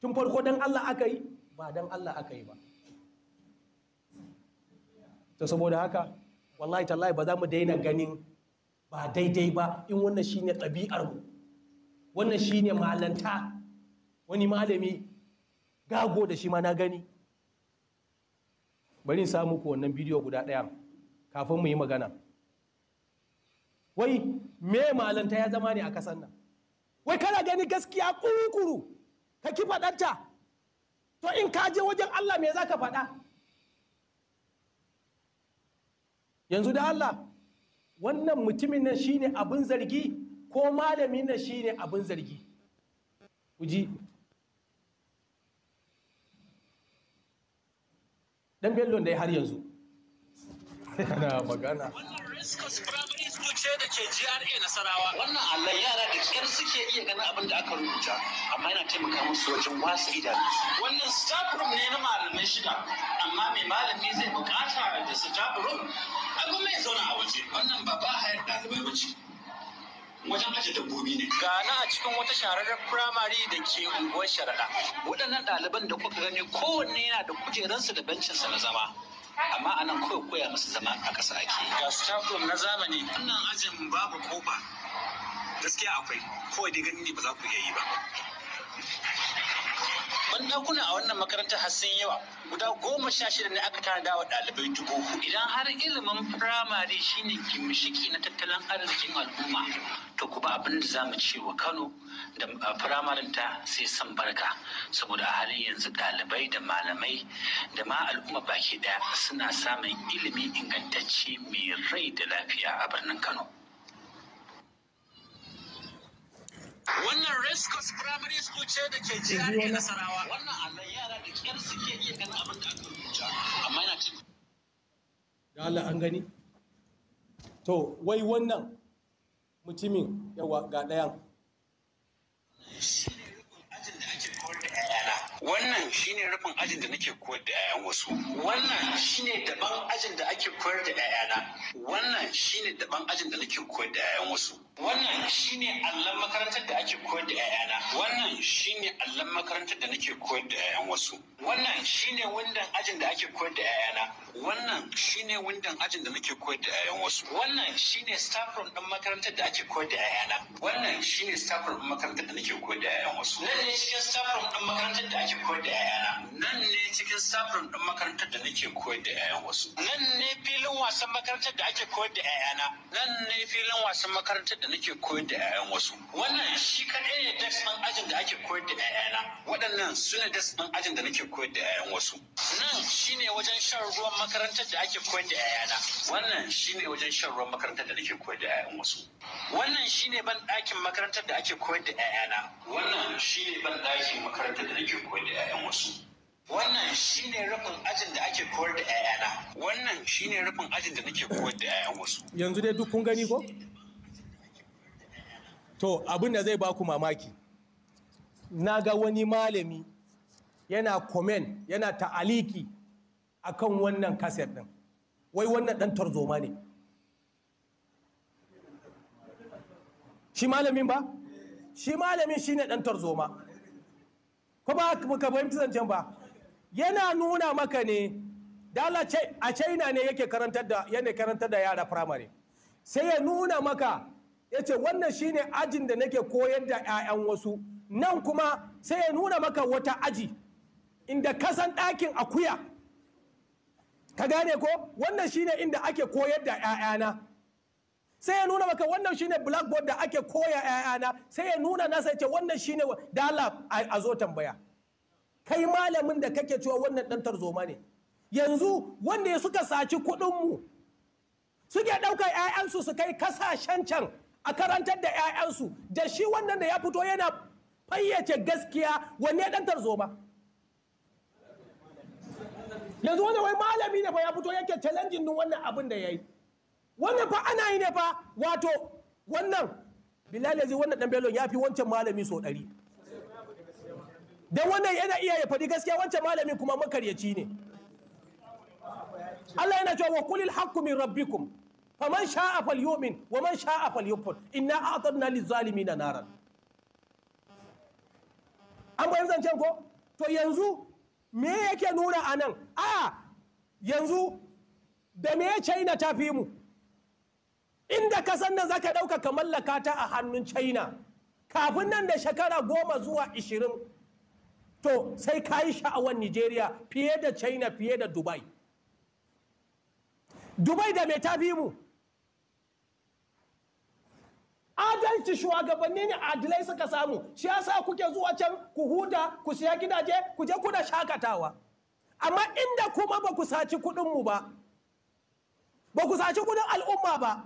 tun farko don Allah aka yi ba don Allah aka yi ba ta saboda haka wallahi tallahi ba za mu daina ganin ba daidai ba in wannan shi ne ɗabi'armu wannan shi ne malanta wani malami gago da shi ma na gani bari samu ku wannan bidiyo guda ɗaya kafin mu yi magana wai me malanta ya zama ne a kasan nan wai kana gani gaskiya kurukuru ka ki faɗanta to in ka je wajen Allah me za ka faɗa yanzu da Allah wannan mutumin nan shine abin zargi ko malamin nan shine abin zargi kuji dan bello da har yanzu Kana magana. Wannan da ke GRA Nasarawa. Wannan da kyar suke iya ganin abin aka rubuta, yana taimaka musu wajen wasa ne na malamai shida, amma mai malami zai bukata da zauna a waje, wannan ba ba ɗalibai wajen ajiye dabbobi ne. Gana a cikin wata shahararren firamare da ke unguwar sharaɗa. Waɗannan ɗaliban da kuka gani kowanne yana da kujerarsa da bencinsa na zama. amma anan kawai koya musu zama a ƙasa ake ga staffroom na zamani wannan ajin babu kofa gaskiya akwai kawai dai ganin ne ba za ku iya yi ba bandakuna a wannan makarantar har sun yawa guda goma sha shida ne aka tanada wa ɗalibai dubu idan har ilimin firamare shine gimshiki na tattalin arzikin al'umma to kuma abin da za mu ce wa kano da firamaren ta sai san barka saboda a halin yanzu ɗalibai da malamai da ma al'umma baki ɗaya suna samun ilimi ingantacce mai rai da lafiya a birnin kano Wannan rescos Primary School ce da ke jihar Nasarawa. Wannan allon yara da kyar suke iya ganin abin da aka rubuta. Amma yana cikin. Da Allah an gani? To, wai wannan mutumin yawa ga ɗayan. wannan shine rufin ajin da nake koyar da 'ya'yan wasu wannan shine daban ajin da ake koyar da 'ya'yana wannan shine daban ajin da nake koyar da 'ya'yan wasu wannan shine allon makarantar da ake koyar da 'ya'yana wannan shine allon makarantar da nake koyar da 'ya'yan wasu wannan shine wundan ajin da ake koyar da 'ya'yana wannan shine wundan ajin da nake koyar da 'ya'yan wasu wannan shine staff room din makarantar da ake koyar da 'ya'yana wannan shine staff room din makarantar da nake koyar da 'ya'yan wasu nan ne staff room din makarantar da ake ake koyar da 'ya'yana nan ne cikin sabrin ɗin makarantar da nake koyar da 'ya'yan wasu nan ne filin wasan makarantar da ake koyar da 'ya'yana nan ne filin wasan makarantar da nake koyar da 'ya'yan wasu wannan shi kaɗai ne desk ɗin ajin da ake koyar da 'ya'yana waɗannan su ne desk ɗin ajin da nake koyar da 'ya'yan wasu nan shi ne wajen shan ruwan makarantar da ake koyar da 'ya'yana wannan shi ne wajen shan ruwan makarantar da nake koyar da 'ya'yan wasu wannan ne ban ɗakin makarantar da ake koyar da 'ya'yana wannan ne ban ɗakin makarantar da nake koyar koyar da 'ya'yan wasu wannan shine rufin ajin da ake koyar da 'ya'yana wannan shine rufin ajin da nake koyar da 'ya'yan wasu yanzu dai duk kun gani ko to abin da zai ba ku mamaki na ga wani malami yana komen yana ta'aliki akan wannan kaset ɗin, wai wannan ɗan tarzoma ne shi malamin ba shi malamin shine ɗan tarzoma fa ba ka fahimci zancen ba yana nuna maka ne dala a china ne yake karantar da yana karantar da yara firamare sai ya nuna maka ya wannan shine ajin da nake koyar da 'ya'yan wasu nan kuma sai ya nuna maka wata aji inda kasan ɗakin akuya ka gane ko wannan shine inda ake koyar da 'ya'yana sai ya nuna maka wannan shine blackboard da ake koya ‘ya'yana sai ya nuna nasa ce wannan shine da Allah a zo tambaya kai malamin da kake cewa wannan ɗan tarzoma ne yanzu wanda suka saci kuɗinmu suke ɗauka ƴaƴansu su kai kasashen can a karantar da ƴaƴansu da shi wannan da ya fito yana fayyace gaskiya wanne ɗan tarzoma yanzu wanda wai malami ne fa ya fito yake challenging din wannan abin da ya yi wannan fa ana yi ne fa wato wannan bilal yanzu wannan dan belon ya fi wancan malami so ɗari don wannan yana iya ya faɗi gaskiya wancan malami kuma makaryaci ne Allah yana cewa wa kulil haqqu min rabbikum faman sha'a falyu'min wa man sha'a falyakfur inna a'tadna lizalimina naran an bayan zancen ko to yanzu me yake nuna anan a yanzu da me China ta fi mu inda kasan nan zaka ɗauka ka mallaka ta a hannun china kafin nan da shekara goma zuwa ishirin to sai ka yi sha'awar nigeria fiye da china fiye da dubai dubai da mai bi mu adalci shugabanni ne adilai suka samu shi yasa kuke zuwa can ku huta, ku siya gidaje ku je kuna shakatawa amma inda kuma ba ku saci mu ba ba ku saci kuɗin al'umma ba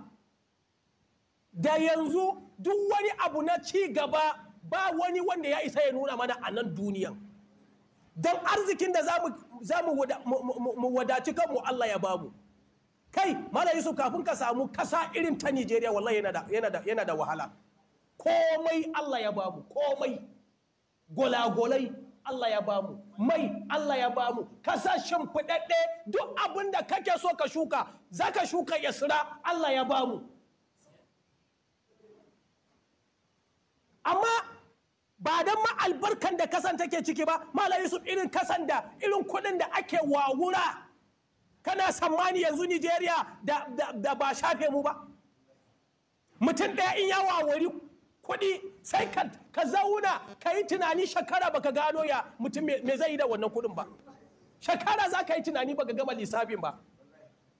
da yanzu duk wani abu na ci gaba ba wani wanda ya isa ya nuna mana a nan duniyan don arzikin da za mu wadaci kanmu Allah ya bamu kai Mara yusuf kafin ka samu kasa irin ta nigeria wallahi yana da wahala komai Allah ya bamu komai golagolai Allah ya bamu mai Allah ya bamu kasashen fudadde duk abinda kake so ka shuka zaka shuka yasra Allah ya bamu ba don ma albarkan da kasan take ciki ba malam yusuf irin kasan da irin kuɗin da ake wawura kana sammani yanzu nigeria da, da, ba shafe mu ba mutum ɗaya in ya wawari kuɗi sai ka, zauna ka yi tunani shekara baka gano ya mutum me zai yi da wannan kuɗin ba shekara za ka yi tunani baka gama lissafin ba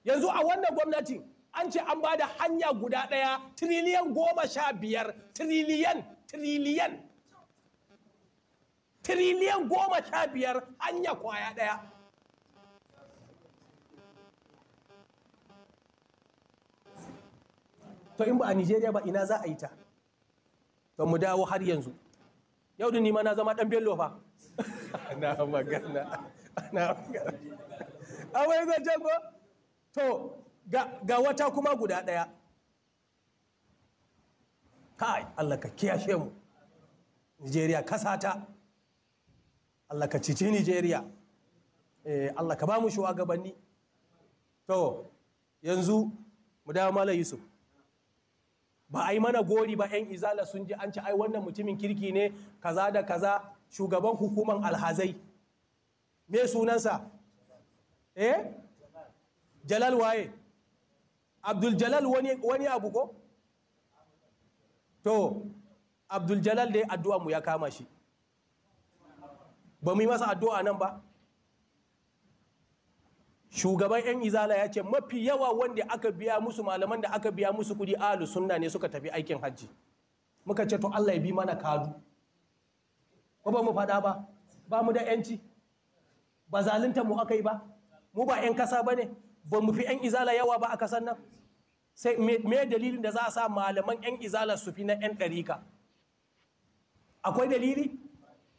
yanzu a wannan gwamnati an ce an ba da hanya guda ɗaya tiriliyan goma sha biyar tiriliyan tiriliyan tiriliyan goma sha biyar hanya kwaya ɗaya to in ba a nigeria ba ina za a yi ta don mu dawo har yanzu yau da nima na zama ɗan bello fa ana magana ana magana a wai zancen ba to ga wata kuma guda ɗaya kai Allah ka kiyashe mu Nigeria kasata Allah ka cici Nigeria eh Allah ka ba mu gabanni. to yanzu mu dawo malam Yusuf ba a yi mana gori ba 'yan izala sun ji an ci ai wannan mutumin kirki ne kaza da kaza shugaban hukuman alhazai me sunansa eh jalal waye abdul jalal wani, wani abu ko to abdul jalal dai addu'a mu ya kama shi ba mu yi masa addu'a nan ba shugaban yan izala ya ce mafi yawa wanda aka biya musu malaman da aka biya musu kudi alu sunna ne suka tafi aikin hajji muka ce to Allah ya bi mana kadu ko ba mu fada ba ba mu da yanci ba zalunta mu aka yi ba mu ba yan kasa ba ne ba mu fi yan izala yawa ba a kasan nan sai me dalilin da za a sa malaman yan izala su fi na yan ɗarika akwai dalili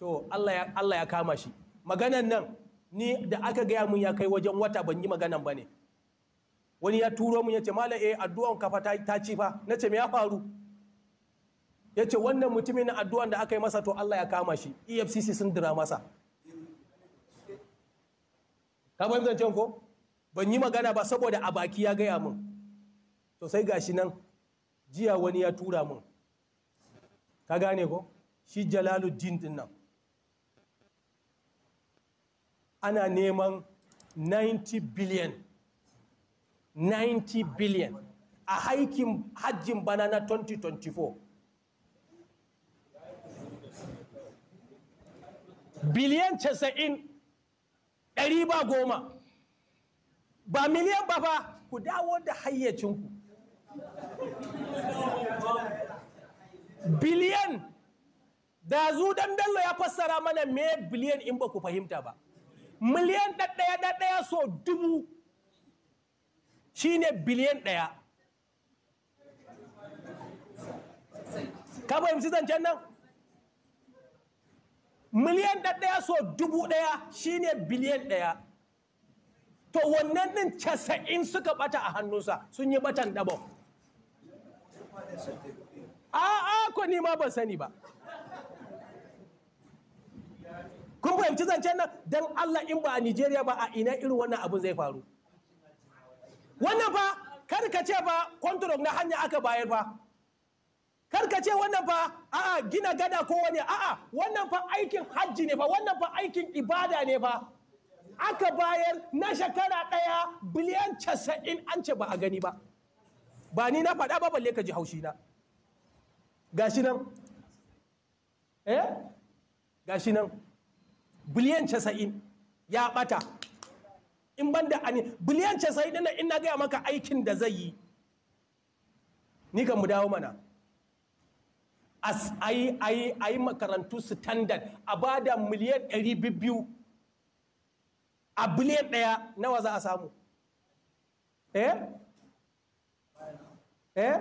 to Allah ya kama shi maganan nan ni da aka gaya mun ya kai wajen wata ban yi maganan ba ne wani ya turo mun ya ce mala eh addu'an kafa ta ci fa na ce me ya faru ya ce wannan mutumin addu'an da aka yi masa to Allah ya kama shi efcc sun dira masa ka bayan zancen ko ban yi magana ba saboda a baki ya gaya mun to sai gashi nan jiya wani ya tura mun ka gane ko shi jalaluddin din nan ana neman 90 billion 90 billion a haikin hajjin bana na 2024 biliyan 90 ba goma ba miliyan ba ba ku dawo da hayyacinku biliyan da zu dan bello ya fassara mana me biliyan in ba ku fahimta ba miliyan ɗaɗɗaya ɗaɗɗaya so dubu shine biliyan ɗaya ka fahimci zancen nan miliyan ɗaɗɗaya so dubu ɗaya shine biliyan ɗaya to wannan ɗin casa'in suka ɓata a hannunsa sun yi dabo a a'a ko ni ma ban sani ba kun fahimci zancen nan don Allah in ba a Nijeriya ba a ina irin wannan abin zai faru wannan fa kar ce ba kwantarok na hanya aka bayar ba? kar ka ce wannan fa a'a gina gada ko wani a wannan fa aikin hajji ne fa wannan fa aikin ibada ne ba? aka bayar na shekara ɗaya biliyan casa'in an ce ba a gani ba ba ni na faɗa ba balle ka ji haushi na gashi nan eh gashi nan biliyan casa'in ya bata in ban da ani biliyan casa'in dana in na gaya maka aikin da zai yi ni kan mu dawo mana as ayi ayi ayi makarantu standard a bada miliyan ɗari a biliyan ɗaya nawa za a samu eh eh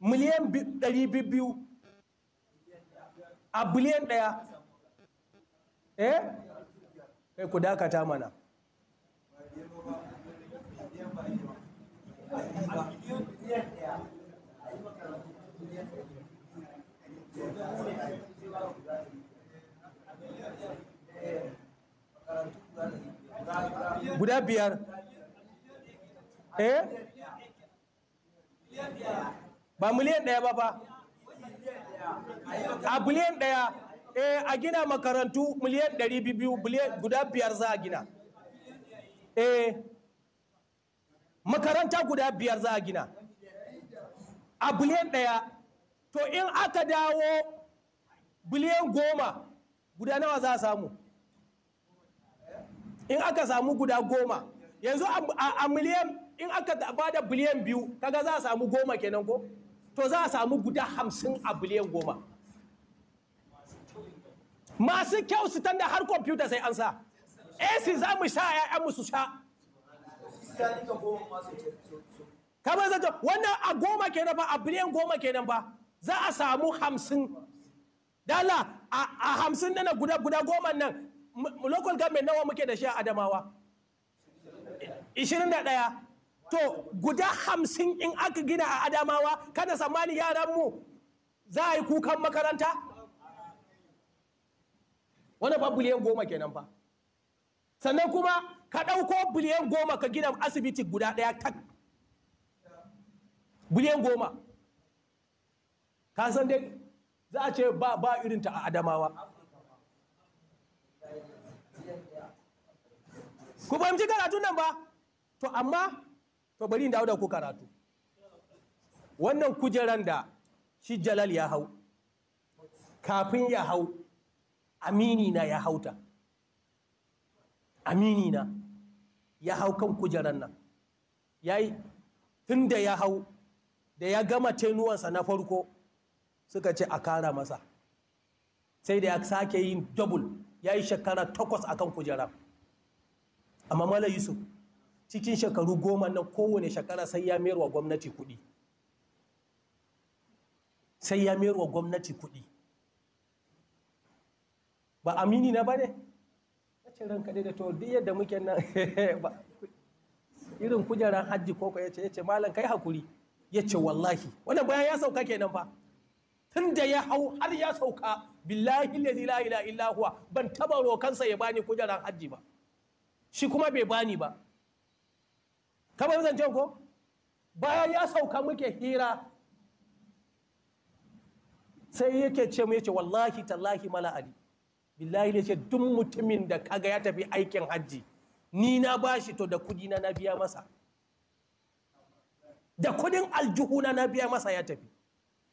miliyan ɗari a biliyan ɗaya eh kai ku dakata mana guda biyar eh ba miliyan ɗaya ba ba a miliyan ɗaya eh a gina makarantu miliyan 200 guda biyar za a gina eh makaranta guda biyar za a gina a biliyan ɗaya to in aka dawo biliyan goma guda nawa za a samu in aka samu guda goma yanzu a miliyan in aka ba da biliyan biyu kaga za a samu goma kenan ko to za a samu guda hamsin a biliyan goma masu kyau su tanda har kwamfuta sai an sa AC za mu sha ‘ya'yanmu su sha kamar zato wannan a goma kenan ba a biliyan goma kenan ba za a samu hamsin dala a hamsin nana guda guda goma nan local government nawa muke da shi a adamawa 21 to guda hamsin in aka gina a adamawa kada tsammanin mu za a yi kukan makaranta wani ba biliyan goma kenan fa sannan kuma ka ɗauko biliyan goma ka gina asibiti guda ɗaya tak biliyan goma ka san dai za a ce ba ba irinta a adamawa ku fahimci karatu nan ba to amma to bari dawo da ku karatu wannan kujeran da shi jalal ya hau kafin ya hau amini na ya hauta amini na ya hau kan kujeran nan yayi tun da ya hau da ya gama tenuwansa na farko suka ce a kara masa sai da ya sake yin double yayi shekara takwas akan kujera amma mala yusuf cikin shekaru goma nan kowane shekara sai ya mayarwa gwamnati kudi sai ya mayarwa gwamnati kudi ba amini na ba ne na ce ranka da to duk yadda muke nan ba irin kujeran hajji koko ya ce ya malam kai hakuri Yace ce wallahi wannan bayan ya sauka kenan fa tun da ya hau har ya sauka billahi la ila illa ban taba rokansa ya bani kujeran hajji ba shi kuma bai bani ba kamar zancen ko bayan ya sauka muke hira sai yake ce mu yace wallahi tallahi mala ali billahi ne ce duk mutumin da kaga ya tafi aikin hajji ni na bashi to da kudi na biya masa da kudin aljuhuna na biya masa ya tafi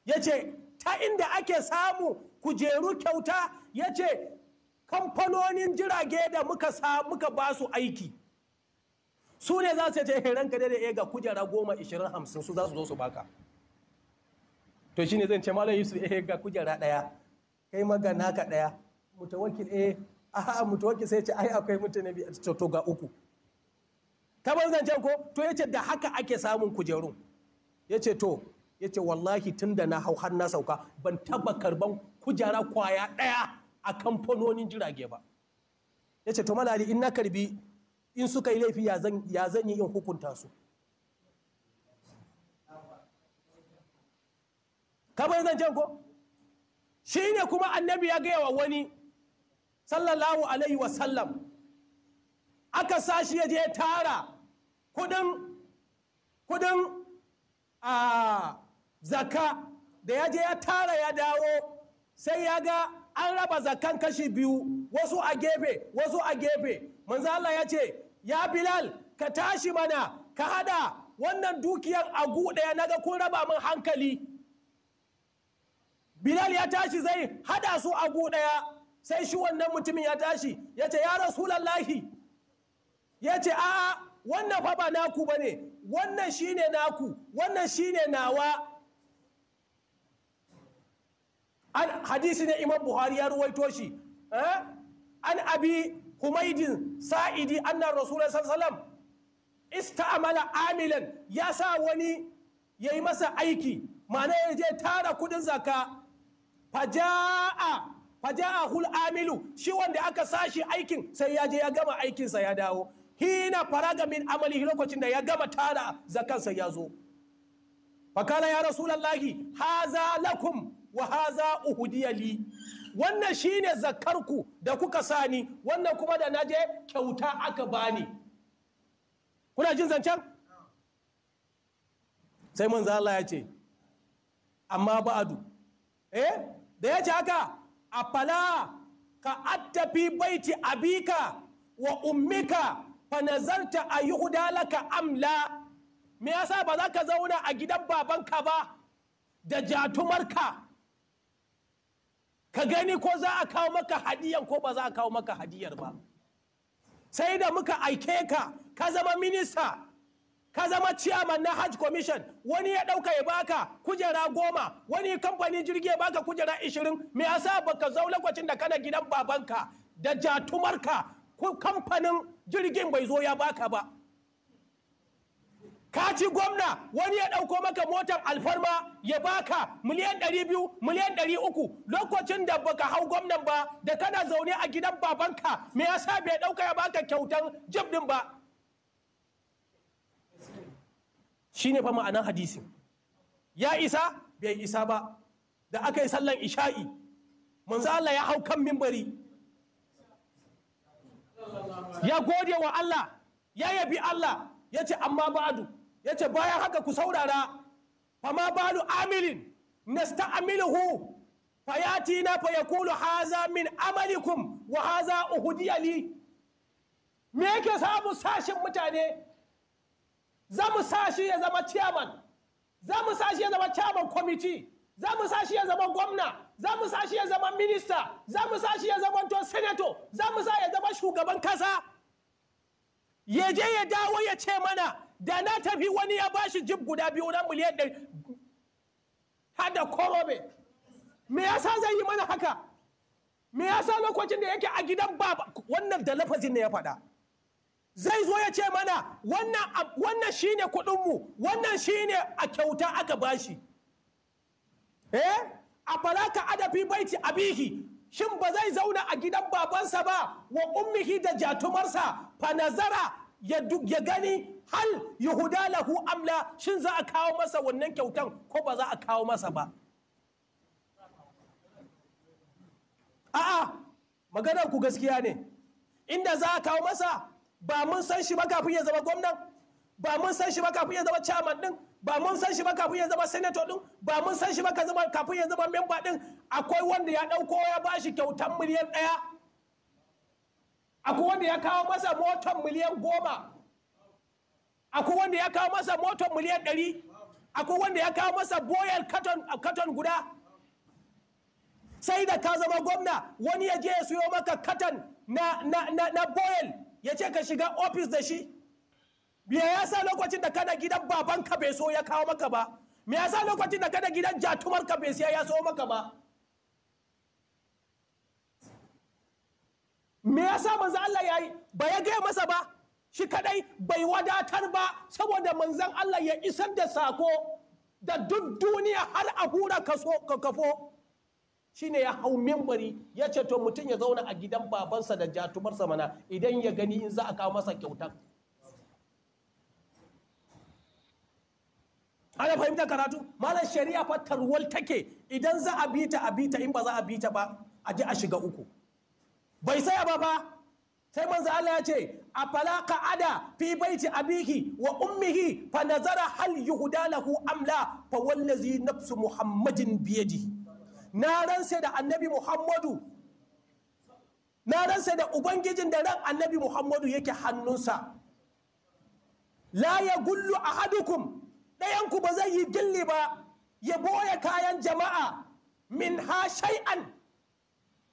ya ce ta inda ake samu kujeru kyauta ya ce kamfanonin jirage da muka muka ba su aiki su ne za su ce eh, ranka da ya eh, ga kujera goma ishirin hamsin su za su zo su baka to shi ne zan ce malayi su ya eh, ga kujera ɗaya kai magana ka ɗaya mutawakil eh a mutawakil sai ce ai akwai mutanabi a to ga uku kamar zancen ko to yace da haka ake samun kujerun yace to yace wallahi tunda na hau har na sauka ban taba karban kujera kwaya ɗaya a kamfanonin jirage ba yace to malali in na karbi in suka yi laifi ya zan yi in hukunta su kamar zancen ko ne kuma annabi ya gaya wa wani sallallahu alaihi wasallam aka sashi ya je tara kudin kudin a zaka da ya je ya tara ya dawo sai ya ga an raba zakan kashi biyu wasu a gefe wasu a gefe manzo Allah ya ce ya Bilal ka tashi mana ka hada wannan dukiyar a na naga kun raba min hankali Bilal ya tashi zai hada su a ɗaya. sai shi wannan mutumin ya tashi ya ce ya rasulallahi ya ce a wannan fa ba naku ba ne wannan shi ne naku wannan shi ne nawa an hadisi ne imam buhari ya ruwaito shi eh? an abi humaidin sa'idi annan rasulun ista ista'amala amilan ya sa wani ya yi masa aiki ma'ana ya je tara kudin zaka faja'a hul amilu shi wanda aka sashi aikin sai ya je ya gama aikinsa ya dawo hina faraga min amali lokacin da ya gama tara zakansa ya zo fakala ya rasulallahi haza lakum wa haza uhudiya li wannan shine zakarku da kuka sani wannan kuma da na je kyauta aka bani kuna jin zancen sai manzo Allah ya ce amma ba'adu eh da ya ce haka a fala ka attafi baiti abika wa ummika fa nazarta ayyuhuda laka amla me yasa ba za ka zauna a gidan babanka ba da jatumarka ka gani ko za a kawo maka hadiyan ko ba za a kawo maka hadiyar ba sai da muka aike ka ka zama minista ka zama ciyaman na hajj commission wani ya ɗauka ya baka kujera goma wani kamfanin jirgi ya baka kujera ishirin me yasa baka zau lokacin da kana gidan babanka da jatumarka kamfanin jirgin bai zo ya baka ba ka ci gwamna wani ya ɗauko maka motar alfarma ya baka miliyan ɗari biyu miliyan ɗari uku lokacin da baka hau gwamnan ba da kana zaune a gidan babanka me yasa bai ɗauka ya baka kyautan jibdin ɗin ba shine fa ma'anan hadisin ya isa bai isa ba da aka yi sallan isha'i manzo Allah ya hau kan mimbari ya gode wa Allah ya yabi Allah ya ce amma ba'adu ya ce bayan haka ku saurara ma balu amilin nasta'amiluhu fa fayakulu haza min amalikum wa haza uhudiyali me yake samu sashin mutane za mu sa shi ya zama chairman za mu sa shi ya zama chairman committee za mu sa shi ya zama gwamna za mu sa shi ya zama minista za mu sa shi ya zama to senator za mu sa ya zama shugaban kasa ya je ya dawo ya ce mana da na tafi wani ya bashi jib guda biyu na miliyan ɗari hada korobe me yasa zai yi mana haka me yasa lokacin da yake a gidan baba wannan da lafazin ne ya faɗa zai zo ya ce mana wannan shi ne kuɗinmu wannan shi ne a kyauta aka bashi eh a balaka adafi baiti abihi shin ba zai zauna a gidan babansa ba wa ummihi da jatumarsa fanazara nazara ya gani hal yahuda lahu amla shin za a kawo masa wannan kyautan ko ba za a kawo masa ba a'a maganar ku gaskiya ne inda za a kawo masa ba mun san shi ba kafin ya zama gwamnan ba mun san shi ba kafin ya zama chairman din ba mun san shi ba kafin ya zama senator din ba mun san shi ba kafin ya zama member din akwai wanda ya dauko ya bashi kyautan miliyan daya akwai wanda ya kawo masa motar miliyan goma akwai wanda ya kawo masa motar miliyan ɗari akwai wanda ya kawo masa boyar katon guda sai da ka zama gwamna wani ya je ya suyo maka katon na, na, na, na boyar ya ce ka shiga ofis da shi me ya sa lokacin da kada gidan babanka bai so ya kawo maka ba me ya sa lokacin da kada gidan jatumar ka bai siya ya so maka ba me ya sa manzan Allah ya yi ba ya gaya masa ba shi kadai bai wadatar ba saboda manzan Allah ya isar da sako da duk duniya har a hura kafo shine ya hau mimbari ya ce to mutum ya zauna a gidan babansa da jatumarsa mana idan ya gani in za a kawo masa kyautar. ana fahimtar karatu malam shari'a fa tarwal take idan za a ta a bita in ba za a bi ta ba a ji a shiga uku bai saya ba ba sai manzo Allah ya ce a falaka ada fi baiti abiki wa ummihi fa nazara hal yuhdalahu lahu amla fa wallazi nafsu muhammadin biyadihi na ransa da annabi muhammadu na ransa da ubangijin da ran annabi muhammadu yake hannunsa la ya gullu a hadukum ɗayanku ba zai yi gilli ba ya boye kayan jama'a min ha shay'an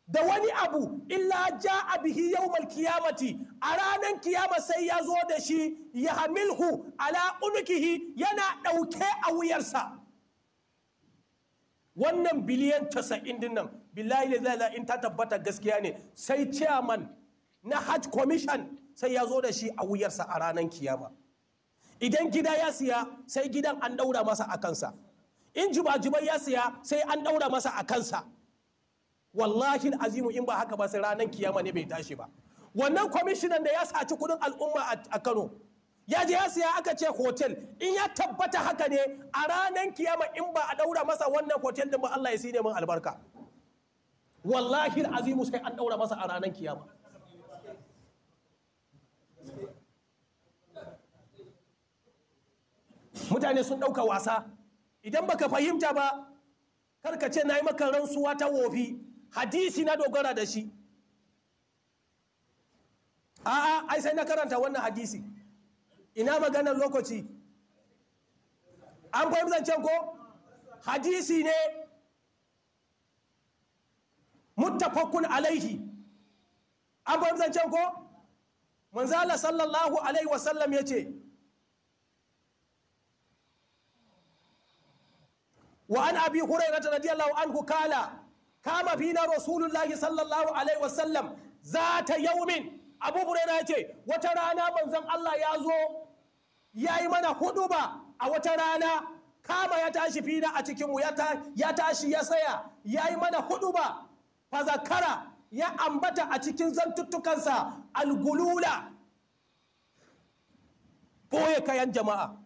da wani abu illa ja abihi yawmal kiyamati a ranar kiyama sai ya zo da shi ya hamilhu ala unukihi yana ɗauke a wuyarsa wannan biliyan casa'in din nan billahi la in ta tabbata gaskiya ne sai chairman na hajj commission sai ya zo da shi a wuyarsa a ranar kiyama idan gida ya siya sai gidan an daura masa a kansa in jibajibai ya siya sai an ɗaura masa a kansa wallahi azimu in ba haka ba sai ranar kiyama ne bai tashi ba wannan kwamishinan da ya saci kudin al'umma a kano ya je ya siya aka ce hotel in ya tabbata haka ne a ranar kiyama in ba a daura masa wannan hotel din ba Allah ya sine min albarka wallahi azimu sai an daura masa a ranar kiyama mutane sun dauka wasa idan baka fahimta ba karka ce nayi maka rantsuwa ta wofi hadisi na dogara da shi a'a ai sai na karanta wannan hadisi ina maganar lokaci an fahimtar zancen ko hadisi ne muttafakun alaihi an fahimtar zancen ko manzala sallallahu alaihi wasallam ya ce wa an abi hurairata radiyallahu an kala kama fina rasulullahi sallallahu alaihi wasallam za ta yaumin abu hurairata ya ce wata rana manzan Allah ya zo ya yi mana hudu ba a wata rana kama ya tashi fina a cikinmu ya tashi ya tsaya ya yi mana hudu ba fazakara ya ambata a cikin zantuttukansa algulula boye kayan jama'a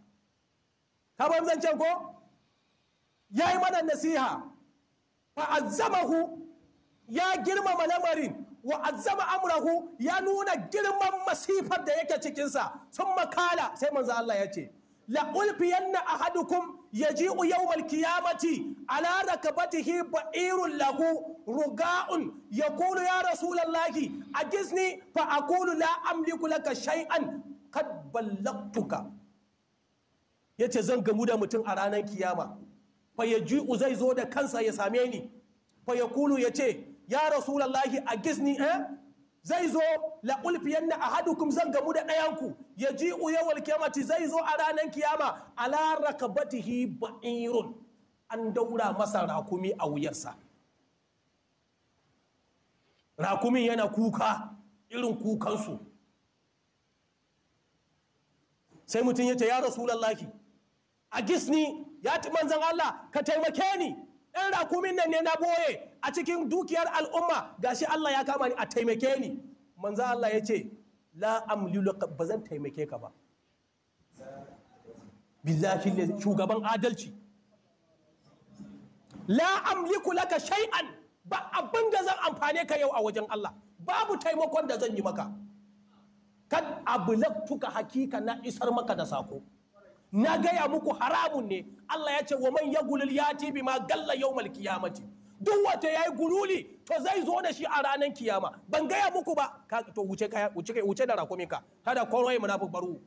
kamar zancen ko ya yi mana nasiha fa'azzamahu ya girmama lamarin wa amrahu ya nuna girman masifar da yake cikinsa sun makala sai manzo Allah ya ce la ahadukum yaji'u yawmal qiyamati ala rakabatihi ba'irun lahu ruga'un yaqulu ya rasulallahi ajizni fa aqulu la amliku laka shay'an qad ballagtuka yace zan gamu da mutum a ranar kiyama fa yaji'u zai zo da kansa ya same ni fa yaqulu yace ya rasulallahi a gizni eh zai zo la hadu ahadukum zan gamu da ɗayanku ya ji uyawar kyamati zai zo a ranar kiyama ala rakabatihi ba'irun an daura masa rakumi a wuyarsa rakumin yana kuka irin kukansu sai mutum ya ce ya rasulallahi a gizni ya ti manzan Allah ka taimake ni ɗan rakumin nan ne na boye a cikin dukiyar al'umma ga shi Allah ya kama ni a taimake ni manzo Allah ya ce la amlilu ba zan taimake ka ba billahi ne shugaban adalci la amliku laka shay'an ba abin da zan amfane ka yau a wajen Allah babu taimakon da zan yi maka kad ablaktuka hakika na isar maka da sako na gaya muku haramun ne Allah ya ce wa man ya yagulul yati bima galla yawmal qiyamati duk wata ya yi gululi to zai zo da shi a ranar kiyama ban gaya muku ba to wuce kaya wuce kai wuce da rakumin ka kada koroi baru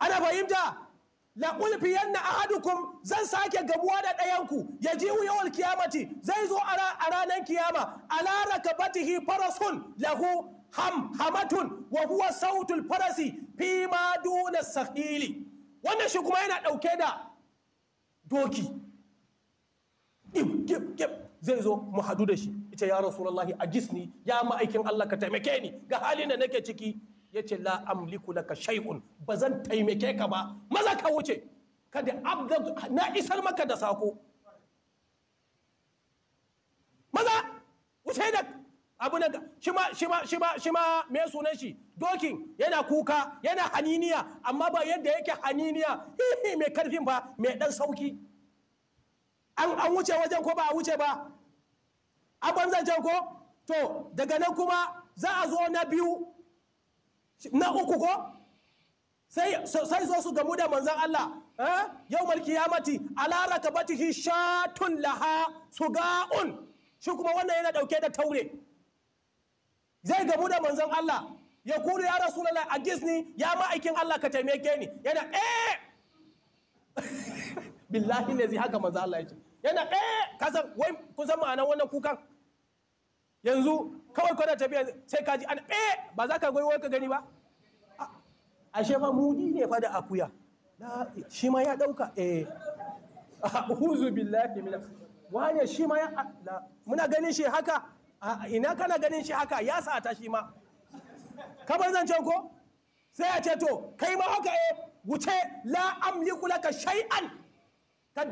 ana fahimta la qulfi yanna ahadukum zan sake gabuwa da ɗayan ku yaji yawal kiyamati zai zo a ranar kiyama ala rakabatihi farasun lahu hamhamatun wa huwa sautul farasi fi ma duna sahili wannan shi kuma yana ɗauke da doki gib gib gib zai zo mu hadu da shi ita ya a jisni ya ma'aikin Allah ka taimake ni ga halin da nake ciki ya ce la amliku laka shay'un zan taimake ka ba maza ka wuce da abda na isar maka da sako maza wuce da abu na shima shima shima shima me sunan shi dokin yana kuka yana haniniya amma ba yadda yake haniniya mai karfin ba mai dan sauki an wuce wajen ko ba a wuce ba a banzancen ko to daga nan kuma za a zo na biyu na uku ko sai zo su gamu da manzan Allah eh? yau malki yamati alara ka shatun laha suga'un shi kuma wannan yana dauke da taure zai gamu da manzan Allah ya kuru ya rasulallah a gisni ya ma'aikin Allah ka taimake ni yana eh billahi zai haka manzo Allah yake yana eh ka san wai kun san ma'anar wannan kukan yanzu kawai ta tafiya sai ka ji an eh ba za ka goyi ka gani ba ashe ma mudi ne fa da akuya shi ma ya dauka eh a'udhu billahi min wani shi ma ya muna ganin shi haka ina kana ganin shi haka ya sa ta shi ma kamar ce ko sai ya ce to kai ma haka eh wuce la amliku laka shay'an kad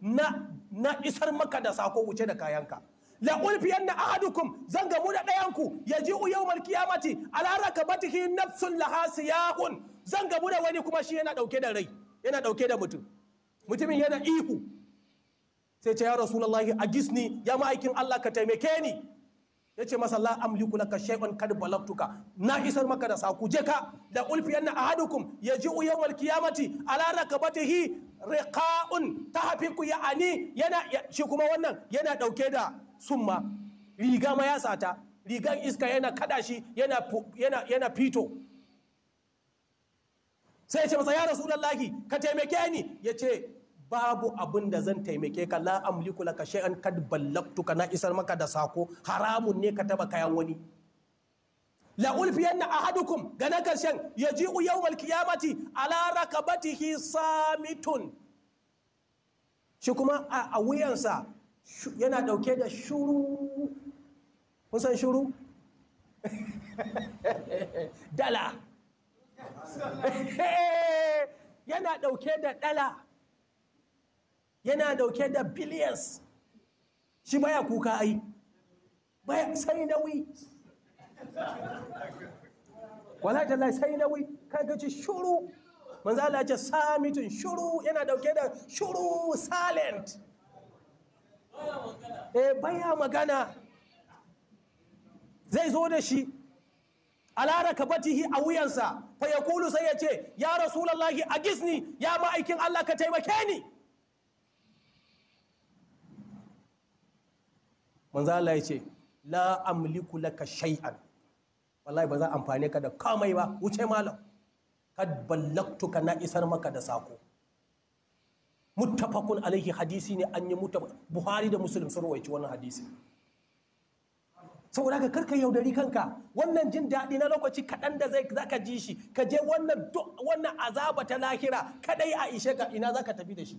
na na isar maka da sako wuce da kayanka la ulfiyan na ahadukum zan gamu da ɗayanku ya ji yawmal qiyamati ala rakabatihi nafsun laha siyahun zan gamu da wani kuma shi yana ɗauke da rai yana ɗauke da mutum mutumin yana ihu sai ce ya rasulullahi a gisni ya ma'aikin Allah ka taimake ni ya ce masa la amliku laka shay'un kad balagtuka na isar maka da saku je ka da ulfiyanna ahadukum yaji'u yawmal qiyamati ala ta riqa'un ku ya'ani yana shi kuma wannan yana dauke da summa riga ma ya sata rigan iska yana kada shi yana fito sai ya ce masa ya rasulullahi ka taimake ni ya ce babu abin da zan taimake ka la amliku laka shay'an kad na isar maka da sako haramun ne ka taba kayan wani la ulfiyanna ahadukum ga na karshen yaji'u yawmal qiyamati ala rakabatihi samitun shi kuma a wuyansa yana dauke da shuru kun san shuru dala yana dauke da dala yana dauke da billions shi baya kuka ai baya sai nawi wala ta sai nawi kai ci shuru manzo Allah ce samitun shuru yana dauke da shuru silent eh baya magana zai zo da shi ala rakabatihi a wuyansa fa ya kulu sai ya ce ya rasulallahi a gizni ya ma'aikin Allah ka taimake ni manzo Allah ya ce la amliku laka shay'an wallahi ba za amfane ka da komai ba wuce malam kad ballaktuka na isar maka da sako muttafaqun alayhi hadisi ne an yi muttafaq buhari da muslim sun rawaici wannan hadisi saboda ka karka yaudari kanka wannan jin daɗi na lokaci kaɗan da zai zaka ji shi ka je wannan wannan azaba ta lahira kadai a ka ina zaka tafi da shi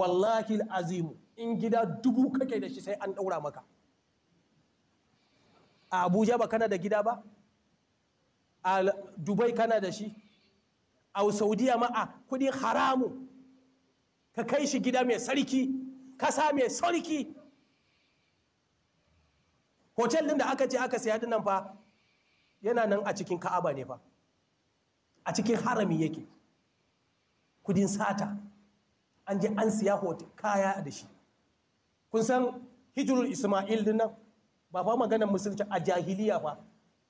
wallahi azimu in gida dubu kake da shi sai an ɗaura maka a abuja ba kana da gida ba a dubai kana da shi a saudiya ma a kudin haramu ka kai shi gida mai sarki kasa mai sarki hotel din da aka ce aka saya nan fa yana nan a cikin ka'aba ne fa a cikin harami yake kudin sata an je an siya kaya da shi kun san hijirul ismail din nan ba fa maganar musulunci a jahiliya ba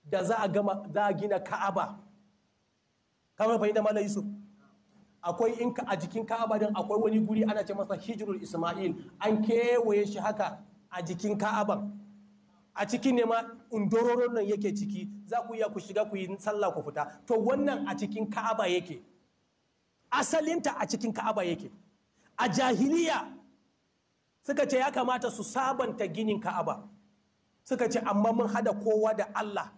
da za a gama za a gina ka'aba kamar bai da malai yusuf akwai in ka a jikin ka'aba din akwai wani guri ana ce masa hijirul ismail an kewaye shi haka a jikin ka'aban a cikin ne ma indororon nan yake ciki za ku iya ku shiga ku yi sallah ku fita to wannan a cikin ka'aba yake asalinta a cikin ka'aba yake a jahiliya suka ce ya kamata su sabanta ginin ka'aba suka ce amma mun hada kowa da Allah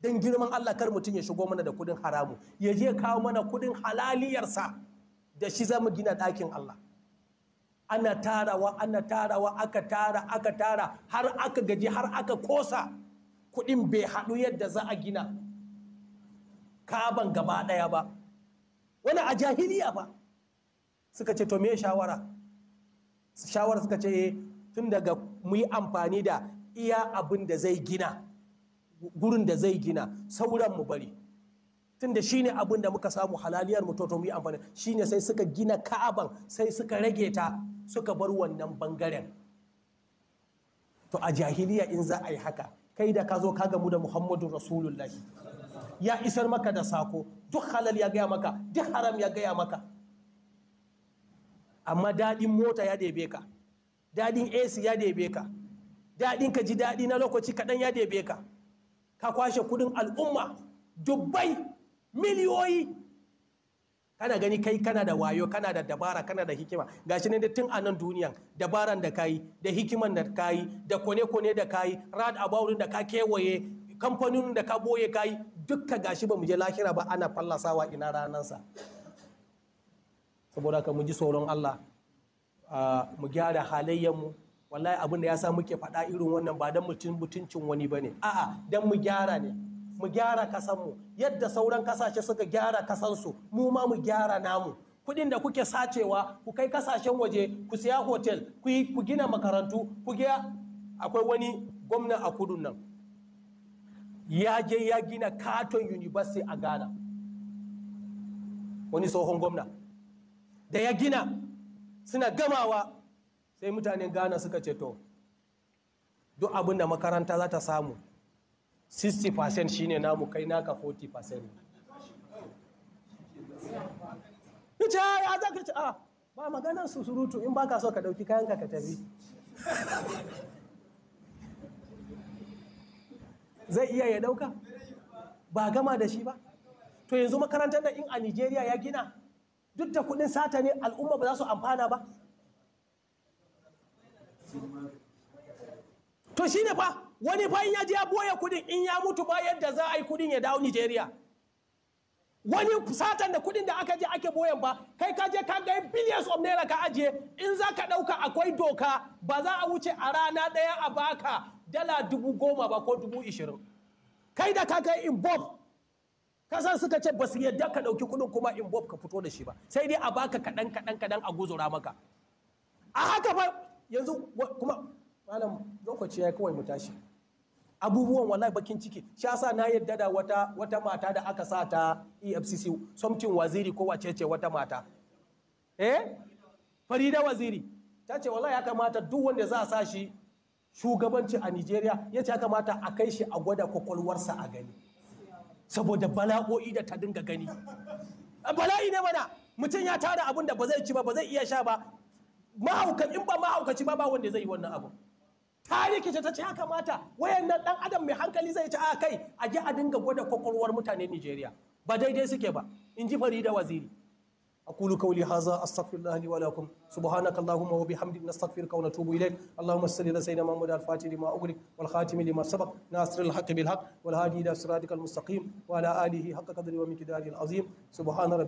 don girman Allah kar mutum ya shigo mana da kudin haramu ya je kawo mana kudin halaliyarsa da shi zama gina ɗakin Allah ana tarawa ana tarawa aka tara aka tara har aka gaji har aka kosa kudin bai haɗu yadda za a gina kaban gaba ɗaya ba wani a jahiliya ba suka ce to me shawara shawara suka ce eh, tun daga mu amfani da iya abin da zai gina gurin da zai gina sauran mu bari tun da shine abin da muka samu halaliyar mu toto muyi yi amfani shine sai suka gina ka'aban sai suka rage ta suka bar wannan bangaren to a jahiliya in za a yi haka kai da ka zo ka gamu da muhammadu rasulullahi ya isar maka da sako duk halal ya gaya maka duk haram ya gaya maka amma daɗin mota ya ɗebe ka daɗin ac ya ɗebe ka daɗin ka ji daɗi na lokaci kaɗan ya ɗebe ka ka kwashe kudin al'umma dubbai miliyoyi kana gani kai kana da wayo kana da dabara kana da hikima gashi ne tun anan duniyan dabaran da kayi da hikiman da kayi da kone-kone da kayi rad abawurin da ka kewaye kamfanin da ka boye kayi dukka gashi ba mu je lahira ba ana fallasawa ina ranansa saboda ka mu ji sauran Allah mu gyara mu wallahi abin da ya sa muke faɗa irin wannan ba don mutum mutuncin wani ba ne a'a don mu gyara ne mu gyara kasanmu yadda sauran kasashe suka gyara kasansu mu ma mu gyara namu kuɗin da kuke sacewa ku kai kasashen waje ku siya hotel ku gina makarantu ku ga akwai wani gwamna a kudu nan ya je ya gina katon university a ghana wani tsohon gwamna da ya gina suna gamawa sai mutanen ghana suka ce to duk abinda makaranta za ta samu 60% ne namu kai naka 40% ce ah, ya za ka ce a ah, ba maganar su surutu in ba ka so ka dauki kayanka ka tafi zai iya ya ɗauka ba gama da shi ba to yanzu makarantar da in a nigeria ya gina duk da kudin sata ne al'umma ba za su amfana ba to shi ne fa wani fa in ya je ya boye kudin in ya mutu bayan da za a yi kudin ya dawo nigeria wani satan da kudin da aka je ake boyan ba kai ka je ka ga billions of naira ka ajiye in za ka ɗauka akwai doka ba za a wuce a rana daya a baka dala dubu goma ba ko dubu ishirin kai da ka kai in bob san suka ce basu yadda ka ɗauki kuɗin kuma in bob ka fito da shi ba sai dai a baka kaɗan kaɗan kaɗan a guzura maka a haka ba yanzu kuma malam lokaci ya kawai mu tashi abubuwan wallahi bakin ciki shi yasa na yadda da wata wata mata da aka sa ta EFCC something waziri ko wace ce wata mata eh Farida waziri ta ce wallahi ya kamata duk wanda za a sa shi shugabanci a Nigeria ya ce ya kamata a kai shi a gwada kwakwalwarsa a gani saboda bala'o'i da ta dinga gani bala'i ne mana mutum ya tara abin da ba zai ci ba ba zai iya sha ba mahaukaci in ba mahaukaci ba ba wanda zai yi wannan abu tariki ta ce ya kamata wayannan ɗan adam mai hankali zai ci a kai a ji a dinga gwada kwakwalwar mutanen Nijeriya. ba daidai suke ba in ji Farida Waziri أقول قولي هذا أستغفر الله لي ولكم سبحانك اللهم وبحمدك نستغفرك ونتوب إليك اللهم صل على سيدنا محمد الفاتح لما أغلق والخاتم لما سبق ناصر الحق بالحق والهادي إلى صراطك المستقيم وعلى آله حق قدره ومقداره العظيم سبحان ربك